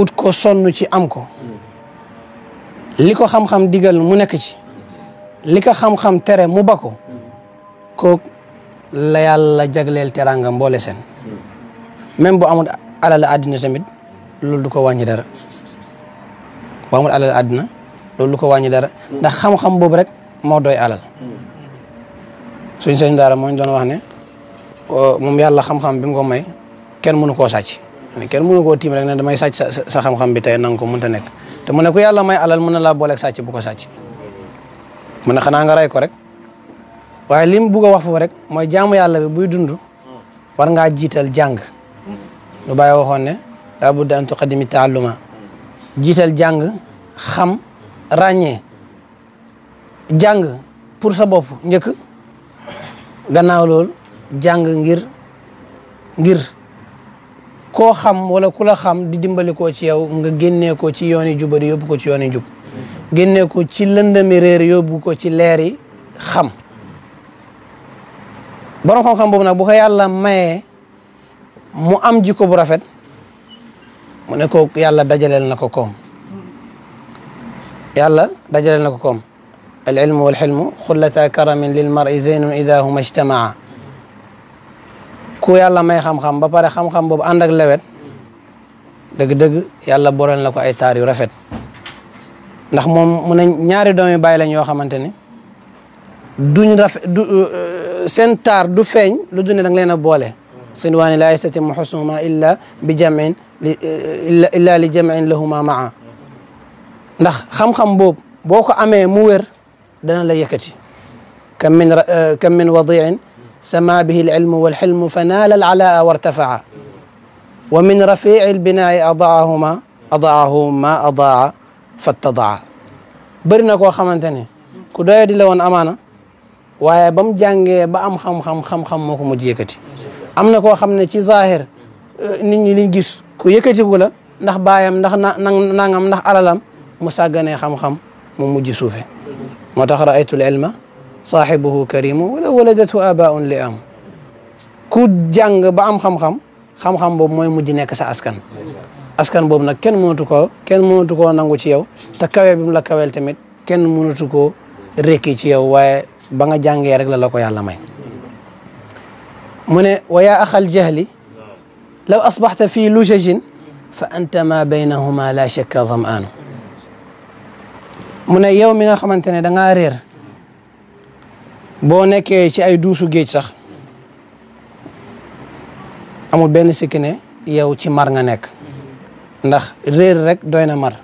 ut ko sonn ci am ko li ko xam-xam digal mu nekk ci li ko xam-xam tere mu ba ko kooku la yàlla jagleel teraanga mboole seen même bu amul alal àddina tamit loolu du ko wàññi dara bu amul alal àddina loolu du ko wàññi dara ndax xam-xam boobu rek moo doy alal suñ sëñ daara moo doon wax ne oh, moom yàlla xam-xam bi mu ko may kenn mënu koo sàcc kenn mënu koo tiim rek ne damay sàcc sa sa xam-xam bi tey nanga ko mun mënta nekk te mun ne ku yàlla may alal mën na laa booleeg sàcc bu ko sàcc mu ne xanaa nga rey ko rek waaye lim mu bugg a wax foofu rek mooy jaamu yàlla bi buy dund war ngaa jiital jàng lu bàyyi waxoon ne daa budda an tuqaddimi taalluma jiital jàng xam ràññee jàng pour sa bopp njëkk gannaaw loolu jàng ngir ngir koo xam wala ku la xam di dimbali koo ci yow nga génnee ko ci yoon i jubadi yóbbu ko ci yoon i génne ko ci lëndami réer yóbbu ko ci leeri xam borom xam-xam boobu nag bu ko yàlla maye mu am jikko bu rafet mu ne ko yàlla dajaleel na ko koom yàlla dajaleel na ko koom al ilmu wal xilmu xullata karamin lil mari zeynun ida huma ijtamaa ku yàlla may xam-xam ba pare xam-xam boobu ànd ak lewet dëgg-dëgg yàlla boreel na ko ay taar yu rafet ndax mom mu ne ñaari doomi bay lañ yo xamante duñ raf du sen tar du feñ lu dul nak leena nga leen a boole seen waani laa yastatimu xusnuma illa bi jamin illa illa li jamin lahuma maa ndax xam-xam bob boko amé mu wér dana la yëkëti kam min kam min wadiin sama bihi alilmu walxilmu fa naala alalaa wa irtafaa wa min rafii albinaai adaahuma adaahu ma adaa فتضع برنا كو خامتاني كو دايا دي لون امانه وايا بام جانغي با ام خام خام خام خام مكو مو ييكاتي امنا كو خامني سي ظاهر نيت ني لي نغيس كو ييكاتي غولا ناخ بايام ناخ نانغام ناخ علالام مساغاني خام خام مو مودي سوفي متخ رايت العلم صاحبه كريم ولا ولدته اباء لام كو جانغ با ام خام خام خام خام بو موي مودي نيك سا اسكان askan bobu nak ken mënatu ko ken mënatu ko nangu ci yow ta kawe bi mu la kawel tamit ken mënatu ko rekki ci yow waye ba nga jangé rek la lako yàlla may mune wa ya akhal jahli law asbahta fi lujajin fa anta ma baynahuma la shakka damaanu mune yow mi nga xamantene da nga rer bo nekké ci ay duusu géej sax amul ben sikine yow ci mar nga nekk ndax réer rek doy na mar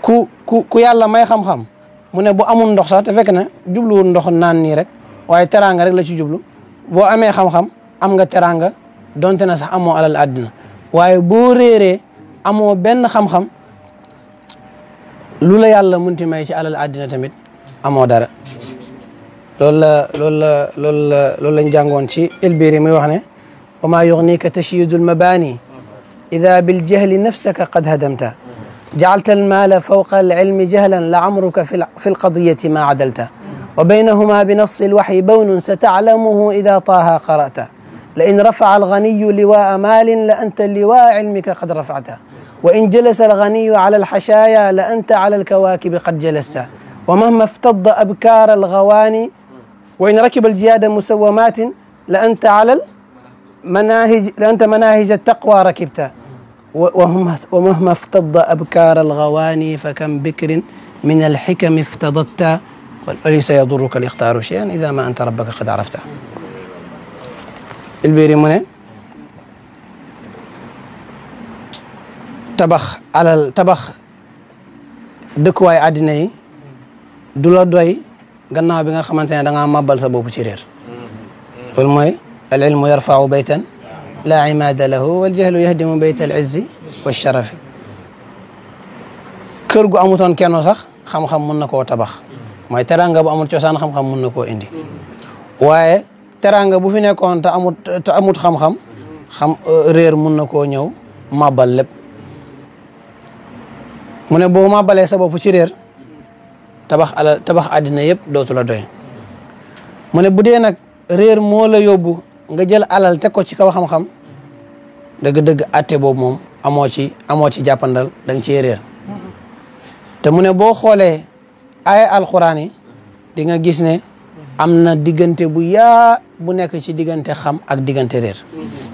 ku ku yàlla may xam-xam mu ne bu amul ndox sax te na jubluwul ndox naan nii rek waaye teraanga rek la ci jublu boo amee xam-xam am nga teraanga donte na sax amoo alal àddina waaye boo réeree amoo benn xam-xam lu la yàlla munti may ci alal àddina tamit amoo dara loolu la loolu la loolu la loolu lañ jàngoon ci ilbiri muy wax ne wa maa yuxnika tashyidul mabaani إذا بالجهل نفسك قد هدمت جعلت المال فوق العلم جهلا لعمرك في القضية ما عدلت وبينهما بنص الوحي بون ستعلمه إذا طه قرأت لئن رفع الغني لواء مال لأنت لواء علمك قد رفعت وإن جلس الغني على الحشايا لأنت على الكواكب قد جلست ومهما افتض أبكار الغواني وإن ركب الجياد مسومات لأنت على المناهج لأنت مناهج التقوى ركبتها ومهما افتض أبكار الغواني فكم بكر من الحكم افتضت وليس يضرك الاختار شيئا إذا ما أنت ربك قد عرفته البيري منى تبخ على التبخ دكواي أدني دولا دوي غناو بيغا خامتاني داغا مابال سا بوب العلم يرفع بيتا لا عماد له والجهل يهدم بيت العز والشرف كرغو اموتون كانو صح خم خم منكو تبخ ماي ترانغا بو امول تيوسان خم خم منكو اندي واي ترانغا بو في نيكون تا اموت تا اموت خم خم خم آه، رير منكو نيو مابال لب من بو مابالي سا بوفو سي رير تبخ على تبخ ادنا ييب دوتو لا دوي من بودي نك رير مولا يوبو nga jël alal teg ko ci kaw xam-xam deug deug atte boobu mom amo ci amo ci jappandal dang ci réer té mu ne boo xoolee aaya di nga gis né amna digënté bu ya bu nek ci digënté xam ak digënté réer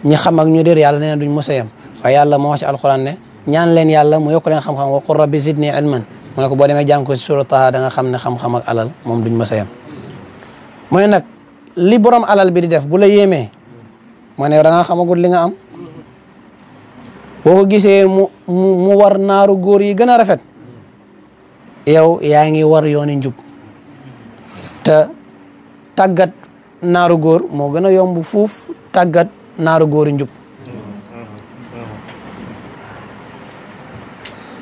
ñi xam ak ñu réer yalla nee duñ mësa yam wa yalla mo wax ci alxuraan ñaan leen yalla mu yokk leen xam-xam wa qur rabbi zidni ilman mu ne ko boo demee jàng ko sura da nga xam né xam-xam ak alal mom duñ mësa yam moy nak li borom alal bi di def bu la yéemee ma ne da ngaa li nga am boo ko gisee mu mu war naaru góor yi gën a rafet yow yaa ngi war yooni njub te tàggat naaru góor moo gën a yomb fuuf tàggat naaru góor yi njub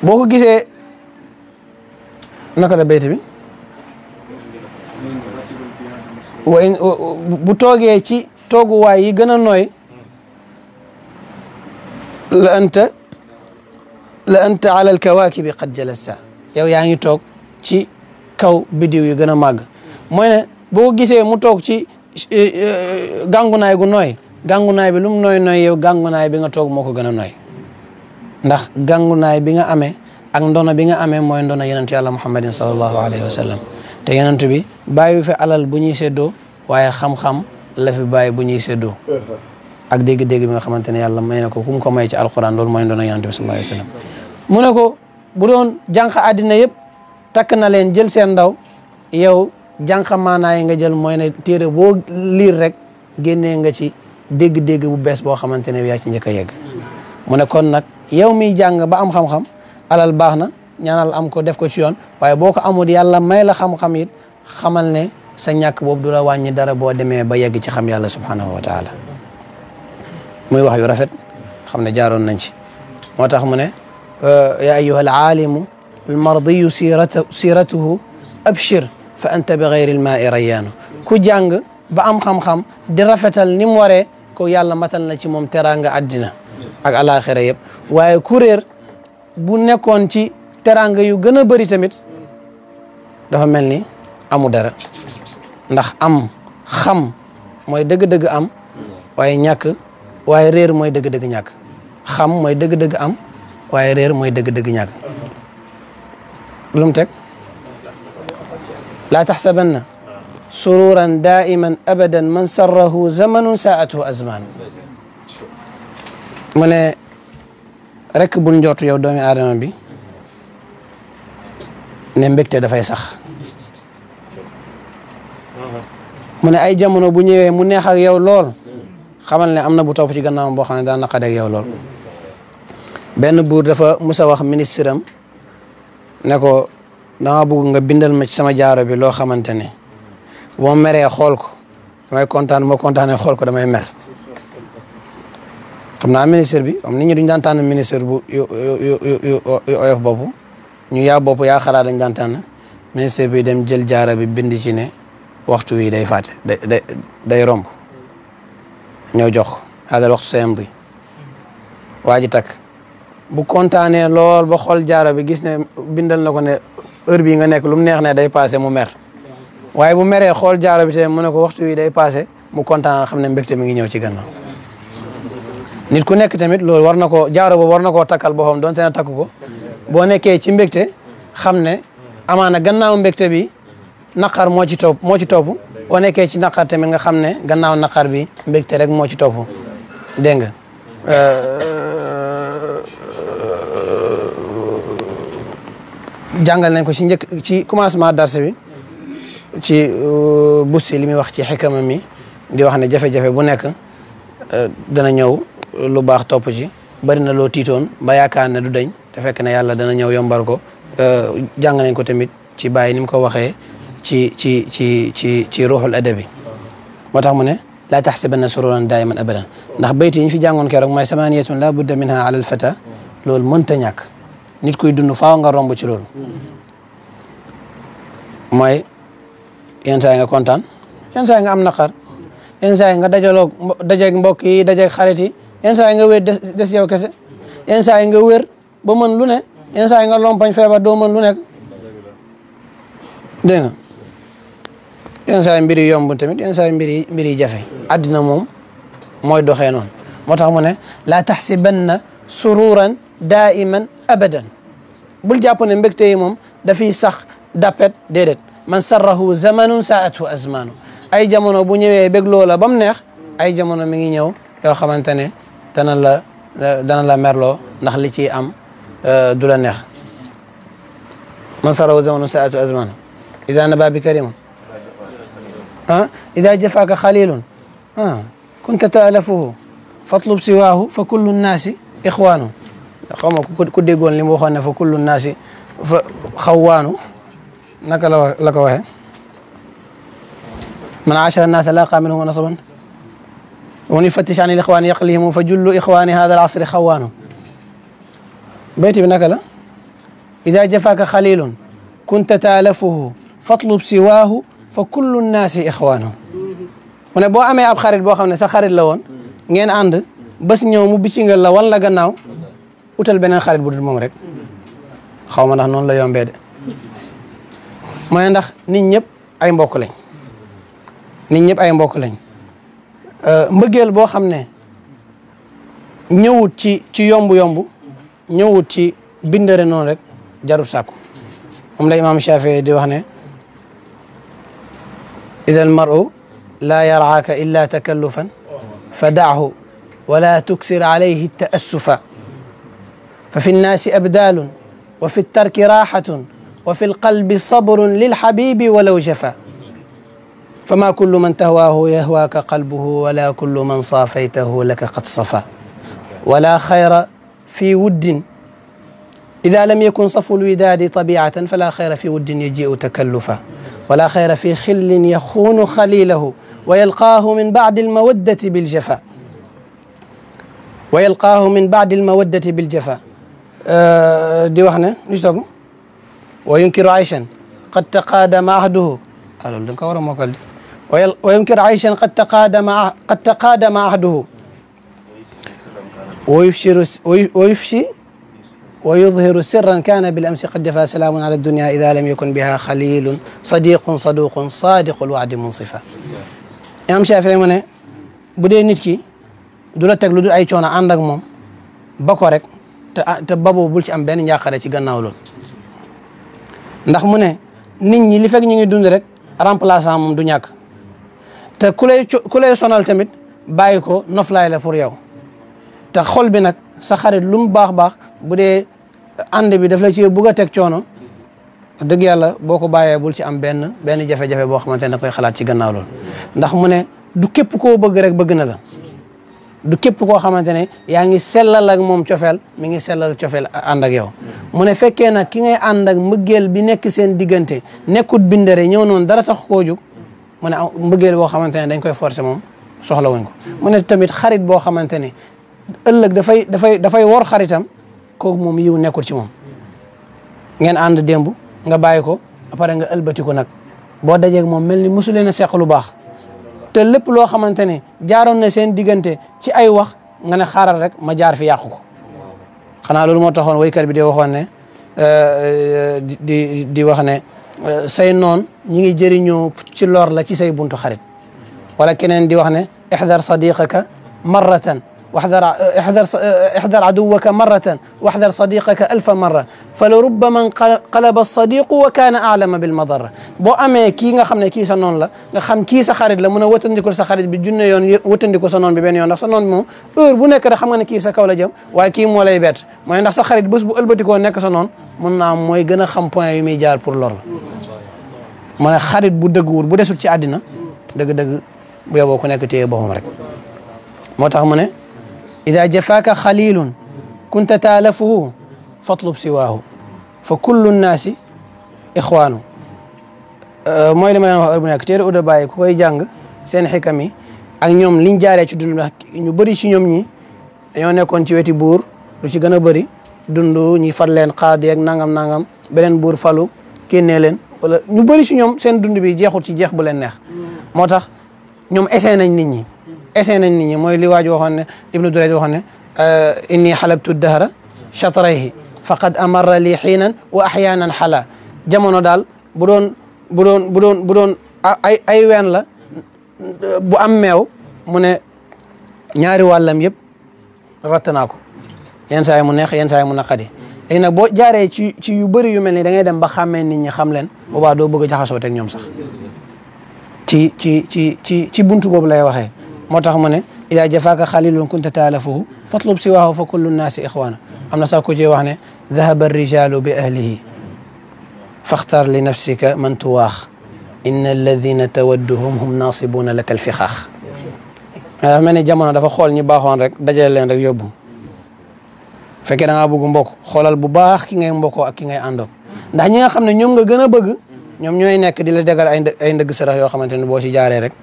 boo ko gisee naka la béyt bi way bu toogee ci tooguwaay yi gën a nooy la anta la anta ala alkawaakibi qad jalasta yow yaa ngi toog ci kaw bidiw yi gën a màgg mooy ne boo gisee mu toog ci eh, eh, gàngunaay gu nooy gàngunaay bi lu mu nooy nooy yow naay bi nga toog moo ko gën a nooy ndax naay bi nga amee ak ndono bi nga amee mooy ndono yonent yàlla muhammadin sallallahu alayhi wa sallam te yonent bi bàyyi fi alal bu ñuy séddoo waaye xam-xam lafi fi bu ñuy séddoo ak dégg-dégg bi nga xamante ne yàlla ma na ko ku ko may ci alquran loolu mooy ndono yonent bi sallallahu alayhi wasallam mu ne ko bu doon jànq àddina yëpp takk na leen jël seen ndaw yow jànq maanaa yi nga jël mooy ne téere boo liir rek génnee nga ci dégg-dégg bu bees boo xamante ne yaa ci njëkk a yegg mu ne kon nag yow miy jàng ba am xam-xam alal baax na ñaanal am ko def ko ci yoon waaye boo ko amul yàlla may la xam-xam it xamal ne sa ñàkk boobu du la dara boo demee ba yegg ci xam yàlla subhanahu wa taala muy wax yu rafet xam ne jaaroon nañ ci moo tax mu ne ya ayuha al aalimu al mardiyu siratu siratuhu abshir fa anta bi gayri lmaai rayaanu ku jàng ba am xam-xam di rafetal ni mu waree ko yàlla na ci moom teraanga addina ak alaxira waaye kuréer bu nekkoon ci teraanga yu gën a bëri tamit dafa mel ni amu dara ndax am xam mooy dëgg-dëgg am waaye ñàkk waaye réer mooy dëgg-dëgg ñàkk xam mooy dëgg-dëgg am waaye réer mooy dëgg-dëgg ñàkk lu mu teg laa taxsabanna sururan daiman abadan man sarrahu zamanun saatuhu azmaan mu ne bul njootu yow doomi aadama bi ne mbégte dafay sax
uh-huh.
mu ne ay jamono bu ñëwee mu neex ak yow lool xamal ne am na bu topp ci gannaawam boo xam ne daan naqad ak yow lool benn buur dafa musa wax ministre am ne ko dama bëgg nga bindal ma ci sama jaaro bi loo xamante ne bu ma meree xool ko damay kontaan moo kontaanee xool ko damay mer xam naa ministre bi comme nit ñi duñ daan tànn ministre bu yu oyof boobu ñu yaa bopp yaa xalaat dañ daan tànn ministère bi dem jël jaara bi bind ci ne waxtu wi day fàtte day day day romb ñëw jox xaaral waxtu sayam bi waa ji takk bu kontaanee lool ba xool jaara bi gis ne bindal na ko ne heure bii nga nekk lu mu neex ne day passé mu mer waaye bu meree xool jaara bi te mu ne ko waxtu wi day passé mu kontaan xam ne mbégte mi ngi ñëw ci gannaaw nit ku nekk tamit lool war na ko jaara boobu war na koo takkal boppam donte ne takk ko boo nekkee ci mbégte xam ne amaan amaana gannaaw mbégte bi naqar moo ci topp moo ci topp boo nekkee ci naqar tamit nga xam ne gannaaw naqar bi mbégte rek moo ci topp dégg nga euh, jàngal nañ ko ci njëkk ci commencement darse bi ci euh, bussi li muy wax ci xikama mi di wax ne jafe-jafe bu nekk euh, dana ñëw lu baax topp ci bari na loo tiitoon ba yaakaar ne du dañ te fekk na yàlla dana ñëw yombal ko jàng nañ ko tamit ci bàyyi ni mu ko waxee ci ci ci ci ci ruuxul adabi moo tax mu ne laa taxsibanna sururan daiman abadan ndax bayt yi ñu fi jàngoon keroog mooy samaniyatun la budda minha ala al fata loolu mënta ñàkk nit kuy dund faaw nga romb ci loolu mooy yenn saa yi nga kontaan yenn saa yi nga am naqar yenn saa yi nga dajaloog dajeeg mbokk yi dajeeg xarit yi yenn saa yi nga wér des yow kese yenn saa yi nga wér ba mën lu ne yenn saa yi nga lompañ feebar doo mën lu nekk dégg yi mbir yi yomb tamit yenn yi mbir yi mbir yi jafe àddina moom mooy doxee noonu moo tax mu ne laa taxsibanna sururan daiman abadan bul jàpp ne mbégte yi moom dafi sax dappet déedéet man sarrahu zamanun saatu azmanu ay jamono bu ñëwee bég loola ba mu neex ay jamono mi ngi ñëw yoo xamante ne dana la dana la merloo ndax li ciy am آه، دولا نخ من صار وزمن ساعة أزمان إذا أنا بابي كريم أه؟ إذا جفاك خليل أه؟ كنت تألفه فاطلب سواه فكل الناس إخوانه قوم كد يقول لي مخنا فكل الناس خوانه نك لك وهي من عاشر الناس لاقى منهم نصبا ومن يفتش عن الإخوان يقلهم فجل إخوان هذا العصر خوانه bayti bi naka la ida jafaaka xalilun kunta taalafuhu fatlub siwaahu fa kullu nnaasi ixwaanu mu ne boo amee ab xarit boo xam ne sa xarit la woon ngeen ànd bés ñëw mu biccingal la wan gannaaw utal beneen xarit bu dul moom rek xaw ma ndax noonu la yombee de mu ndax nit ñëpp ay mbokk lañ nit ñëpp ay mbokk lañ mbëggeel boo xam ne ñëwut ci ci yomb-yomb ñewut ci bindere non rek jaru sakku mom la imam اذا المرء لا يرعاك الا تكلفا فدعه ولا تكسر عليه التاسف ففي الناس ابدال وفي الترك راحه وفي القلب صبر للحبيب ولو جفا فما كل من تهواه يهواك قلبه ولا كل من صافيته لك قد صفى ولا خير في ود إذا لم يكن صف الوداد طبيعة فلا خير في ود يجيء تكلفا ولا خير في خل يخون خليله ويلقاه من بعد المودة بالجفا ويلقاه من بعد المودة بالجفا آه، دي وحنا نشتبه وينكر عيشا قد تقادم عهده قالوا وينكر عيشا قد تقادم قد تقادم عهده ويفشر ويفشي ويظهر سرا كان بالامس قد جفا سلام على الدنيا اذا لم يكن بها خليل صديق صدوق صادق الوعد منصفا يام شافي من بودي نيتكي دولا تك لودو اي تشونا اندك موم باكو رك تا بابو بولشي ام بن نياخره سي غناو لول ndax mu ne nit ñi li fekk ñu ngi dund rek remplaçant moom du ñàkk te ku lay ku lay sonal tamit te xol bi nag sa xarit lu mu baax baax bu dee ànd bi daf la ci bugg a teg coono dëgg yàlla boo ko bàyyee bul ci am benn benn jafe-jafe boo xamante ne koy xalaat ci gannaaw ndax mu ne du képp koo bëgg rek bëgg na la du képp koo xamante ne yaa ngi sellal ak moom cofeel mi ngi sellal cofeel ànd ak yow mu ne fekkee nag ki ngay ànd ak mbëggeel bi nekk seen diggante nekkut bindere ñëw noonu dara tax koo mu ne mbëggeel boo xamante ne dañ koy forcer moom soxla wuñ ko mu tamit xarit boo xamante ne ëllëg dafay dafay dafay wor xaritam kooku moom yiw nekkul ci moom ngeen ànd démb nga bàyyi ko après nga ëlbati ko nag boo dajeeg moom mel ni mosu leen a seq lu baax te lépp loo xamante ne jaaroon na seen diggante ci ay wax nga ne xaaral rek ma jaar fi yàqu ko xanaa loolu moo taxoon waykat bi di waxoon ne euh, euh, di di wax ne euh, say noon ñi ngi jëriñoo ci loor la ci say buntu xarit wala keneen di wax ne ixdar sadiqaka marratan واحذر احذر احذر عدوك مرة واحذر صديقك ألف مرة فلربما قلب الصديق وكان أعلم بالمضرة بو أمي كي نا خمنا كي سنون لا نا خم كي سخرج لا منا وتن ديكو سخرج بجنة يون وتن ديكو سنون ببين يون سنون مو أور بنا كده خمنا كي سكولا جم واكي مولاي بيت ما ينا سخرج بس بقلب ديكو نا كسنون منا موي جنا خم بوي يمي جار فور لور منا خرج بودا غور بودا سوتشي أدينا دعو دعو بيا بوكو نا كتير بهم رك ما تخمنه إذا جفاك خليل كنت تالفه فاطلب سواه فكل الناس إخوانه mooy li ma leen wax heure téere Oudar Baye ku koy jàng seen xikam yi ak ñoom liñ jaaree ci dund ñu bëri ci ñoom ñi dañoo nekkoon ci weti buur lu ci gën a bëri dund ñi far leen xaadi ak nangam nangam beneen buur falu génnee leen wala ñu bëri ci ñoom seen dund bi jeexul ci jeex bu leen neex moo tax ñoom essayé nañ nit ñi essayé nañ nit ñi mooy li waaj waxoon ne ibnu Durayd waxoon ne euh, inni xalabtu dahra chatrayhi faqad amarra li xiinan wa axyaanan xala jamono daal bu doon bu bu doon bu doon ay ay ween la bu am meew mu ne ñaari wàllam yëpp ratt naa ko yenn yi mu neex yenn saa yi mu naqadi léegi nag boo jaaree ci ci yu bari yu mel ni da ngay dem ba xàmmee nit ñi xam leen boobaa doo bëgg a jaxasoo teg ñoom sax ci ci ci ci ci buntu boobu lay waxee moo tax mu ne ida jafaaka xalilun kunta taalafuhu fatlub siwaahu fa kullu naasi ixwaana am na sax ku ci wax ne dahaba rijalu bi ahlihi faxtar li nafsika man tuwaax inna alladina tawadduhum hum naasibuuna laka alfixaax dafa mel ni jamono dafa xool ñu baaxoon rek dajale leen rek yóbbu fekkee da ngaa bëgg mbokk xoolal bu baax ki ngay mbokkoo ak ki ngay àndoo ndax ñi nga xam ne ñoom nga gën a bëgg ñoom ñooy nekk di la degal ay ay ndëgg sarax yoo xamante ne boo ci jaaree rek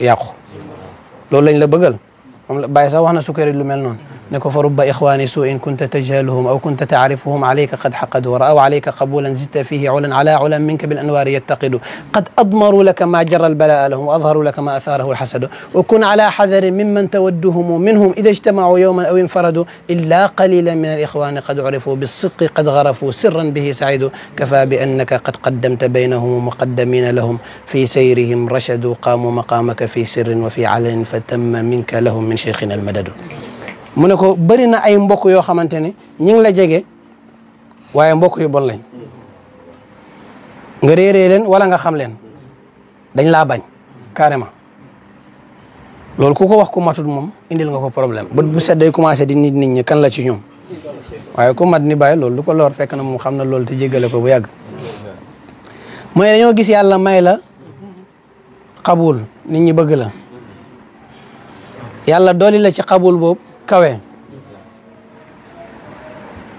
yàqu loolu lañ la bëggal moom la Baye sax wax na sukari lu mel noonu إنك فرب إخوان سوء كنت تجهلهم أو كنت تعرفهم عليك قد حقدوا رأوا عليك قبولا زدت فيه علا على علا منك بالأنوار يتقد قد أضمروا لك ما جرى البلاء لهم وأظهروا لك ما أثاره الحسد وكن على حذر ممن تودهم منهم إذا اجتمعوا يوما أو انفردوا إلا قليلا من الإخوان قد عرفوا بالصدق قد غرفوا سرا به سعدوا كفى بأنك قد قدمت بينهم مقدمين لهم في سيرهم رشدوا قاموا مقامك في سر وفي علن فتم منك لهم من شيخنا المدد mu ne ko bëri na ay mbokk yoo xamante ne ñi ngi la jege waaye mbokk yu bon lañ nga réeree leen wala nga xam leen dañ laa bañ carrément loolu ku ko wax ku matut moom indil nga ko problème bët bu set day commencé di nit nit ñi kan la ci ñoom waaye ku mat ni bay loolu du ko lor fekk na mu xam na loolu te jéggale ko bu yàgg mooy dañoo gis yàlla may la xabul nit ñi bëgg la yàlla dooli la ci xabul boobu kawe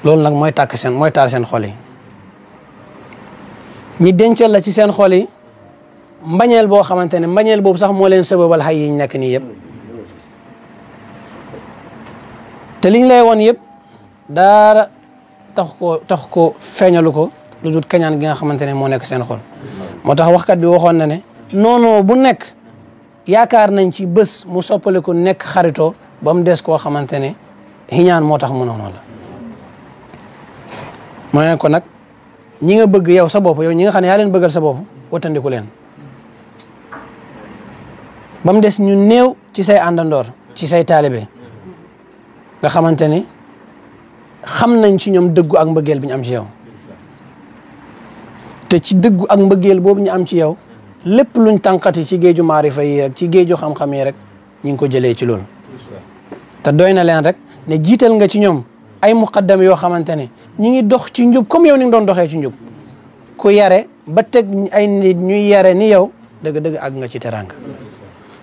loolu nag mooy takk seen mooy taal seen xol yi ñi denceel la ci seen xol yi mbañeel boo xamante ne mbañeel boobu sax moo leen sababal xay yi ñu nekk nii yëpp te liñ lay woon yëpp daara tax ko tax ko feeñalu ko lu dul kañaan gi nga xamante ne moo nekk seen xol moo tax waxkat bi waxoon na ne noonoo bu nekk yaakaar nañ ci bës mu soppaliku nekk xaritoo ba mu des koo xamante ne xiñaan moo tax mu noonu la ma ne ko nag ñi nga bëgg yow sa bopp yow ñi nga xam ne yaa leen bëggal sa bopp wattandiku leen ba mu des ñu néew ci say àndandoor ci say taalibe nga xamante ne xam nañ ci ñoom dëggu ak mbëggeel bi ñu am ci yow te ci dëggu ak mbëggeel boobu ñu am ci yow lépp luñ tànqati ci géeju maarifa yi rek ci géeju xam-xam yi rek ñu ngi ko jëlee ci lool ta doyna len rek ne jital nga ci ñom ay muqaddam yo xamantene ñi ngi dox ci njub comme yow ni nga doon doxé ci njub ku yare ba tek ay nit ñuy yare ni yow deug deug ak nga ci teranga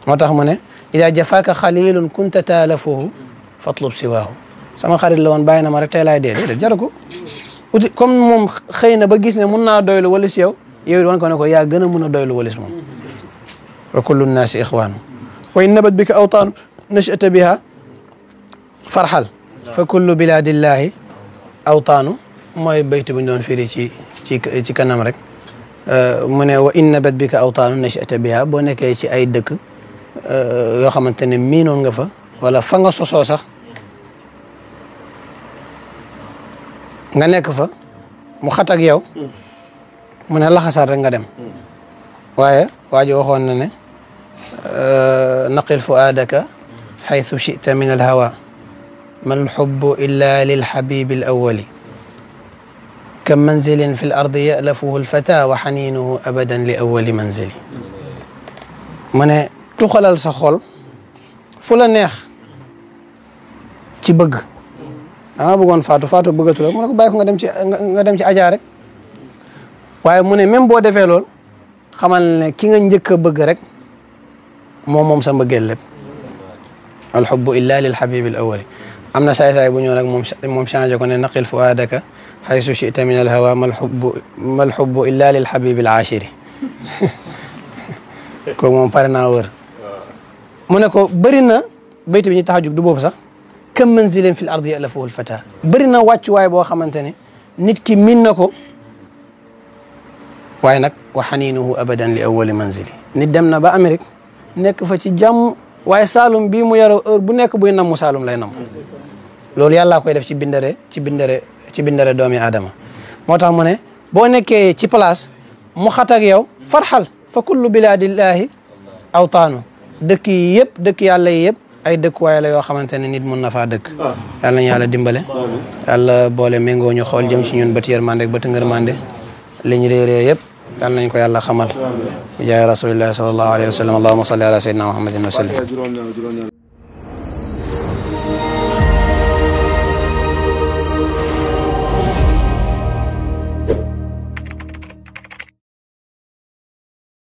motax mu ne ida jafaka khalilun kunta taalafuhu fatlub siwahu sama xarit la woon bàyyi ma rek tay lay dee déedéet jaru comme mom xeyna ba gis ne mun na doylu walis yow yow won ko ne ko ya gëna mëna doylu walis mom wa kullu nnaasi ikhwan wa in nabat bika awtaanu nachata biha فرحل فكل بلاد الله أوطانه ما يبيت من دون فيري شيء شيء شيء كنام رك من وإن بد بك أوطان نشأت بها بونك أي شيء أيدك يا خمن تني مين عنفا ولا فنجس وصوصة عنك فا ياو من الله خسر رنجدم وايا واجي وخوننا نقل فؤادك حيث شئت من الهواء ما الحب إلا للحبيب الأول كم منزل في الأرض يألفه الفتى وحنينه أبدا لأول منزل من تخل الصخول فلا نيخ تي بغ أنا بغون فاتو فاتو بغة تولا من بايكو نغدم تي نغدم تي أجارك واي من من بو دفع لول خمال كي نجك بغ مو موم سنبغي الحب إلا للحبيب الأولي أمنا ساي ساي بنيو لك موم شانجا كوني نقل فؤادك حيث شئت من الهوى ما الحب ما الحب إلا للحبيب العاشر كو موم بارناور منكو برينا بيت بني تهاجب دبوب صح كم منزل في الأرض يألفه الفتاة برينا واتش واي بو خمنتني نتكي منكو واي نك وحنينه أبدا لأول منزلي ندمنا بأمريك نك فتي جام waaye saalum bii mu yaro heure bu nekk buy namm saalum lay nam loolu yàllaa koy def ci bindare ci bindare ci bindare doomi aadama moo tax mu ne boo nekkee ci place mu xat ak yow farxal fa kullu bilaadillaahi awtaanu dëkk yi yëpp dëkk yàlla yi yëpp ay dëkkuwaay la yoo xamante ne nit mun na faa dëkk ah. yàlla nañu yàlla dimbale yàlla boole méngoo ñu xool jëm ci ñun bët yërmande bët ngërmande li ñu réeree yëpp يالنا نكو يالا خمال جاي رسول الله صلى الله عليه وسلم اللهم صل على سيدنا محمد
وسلم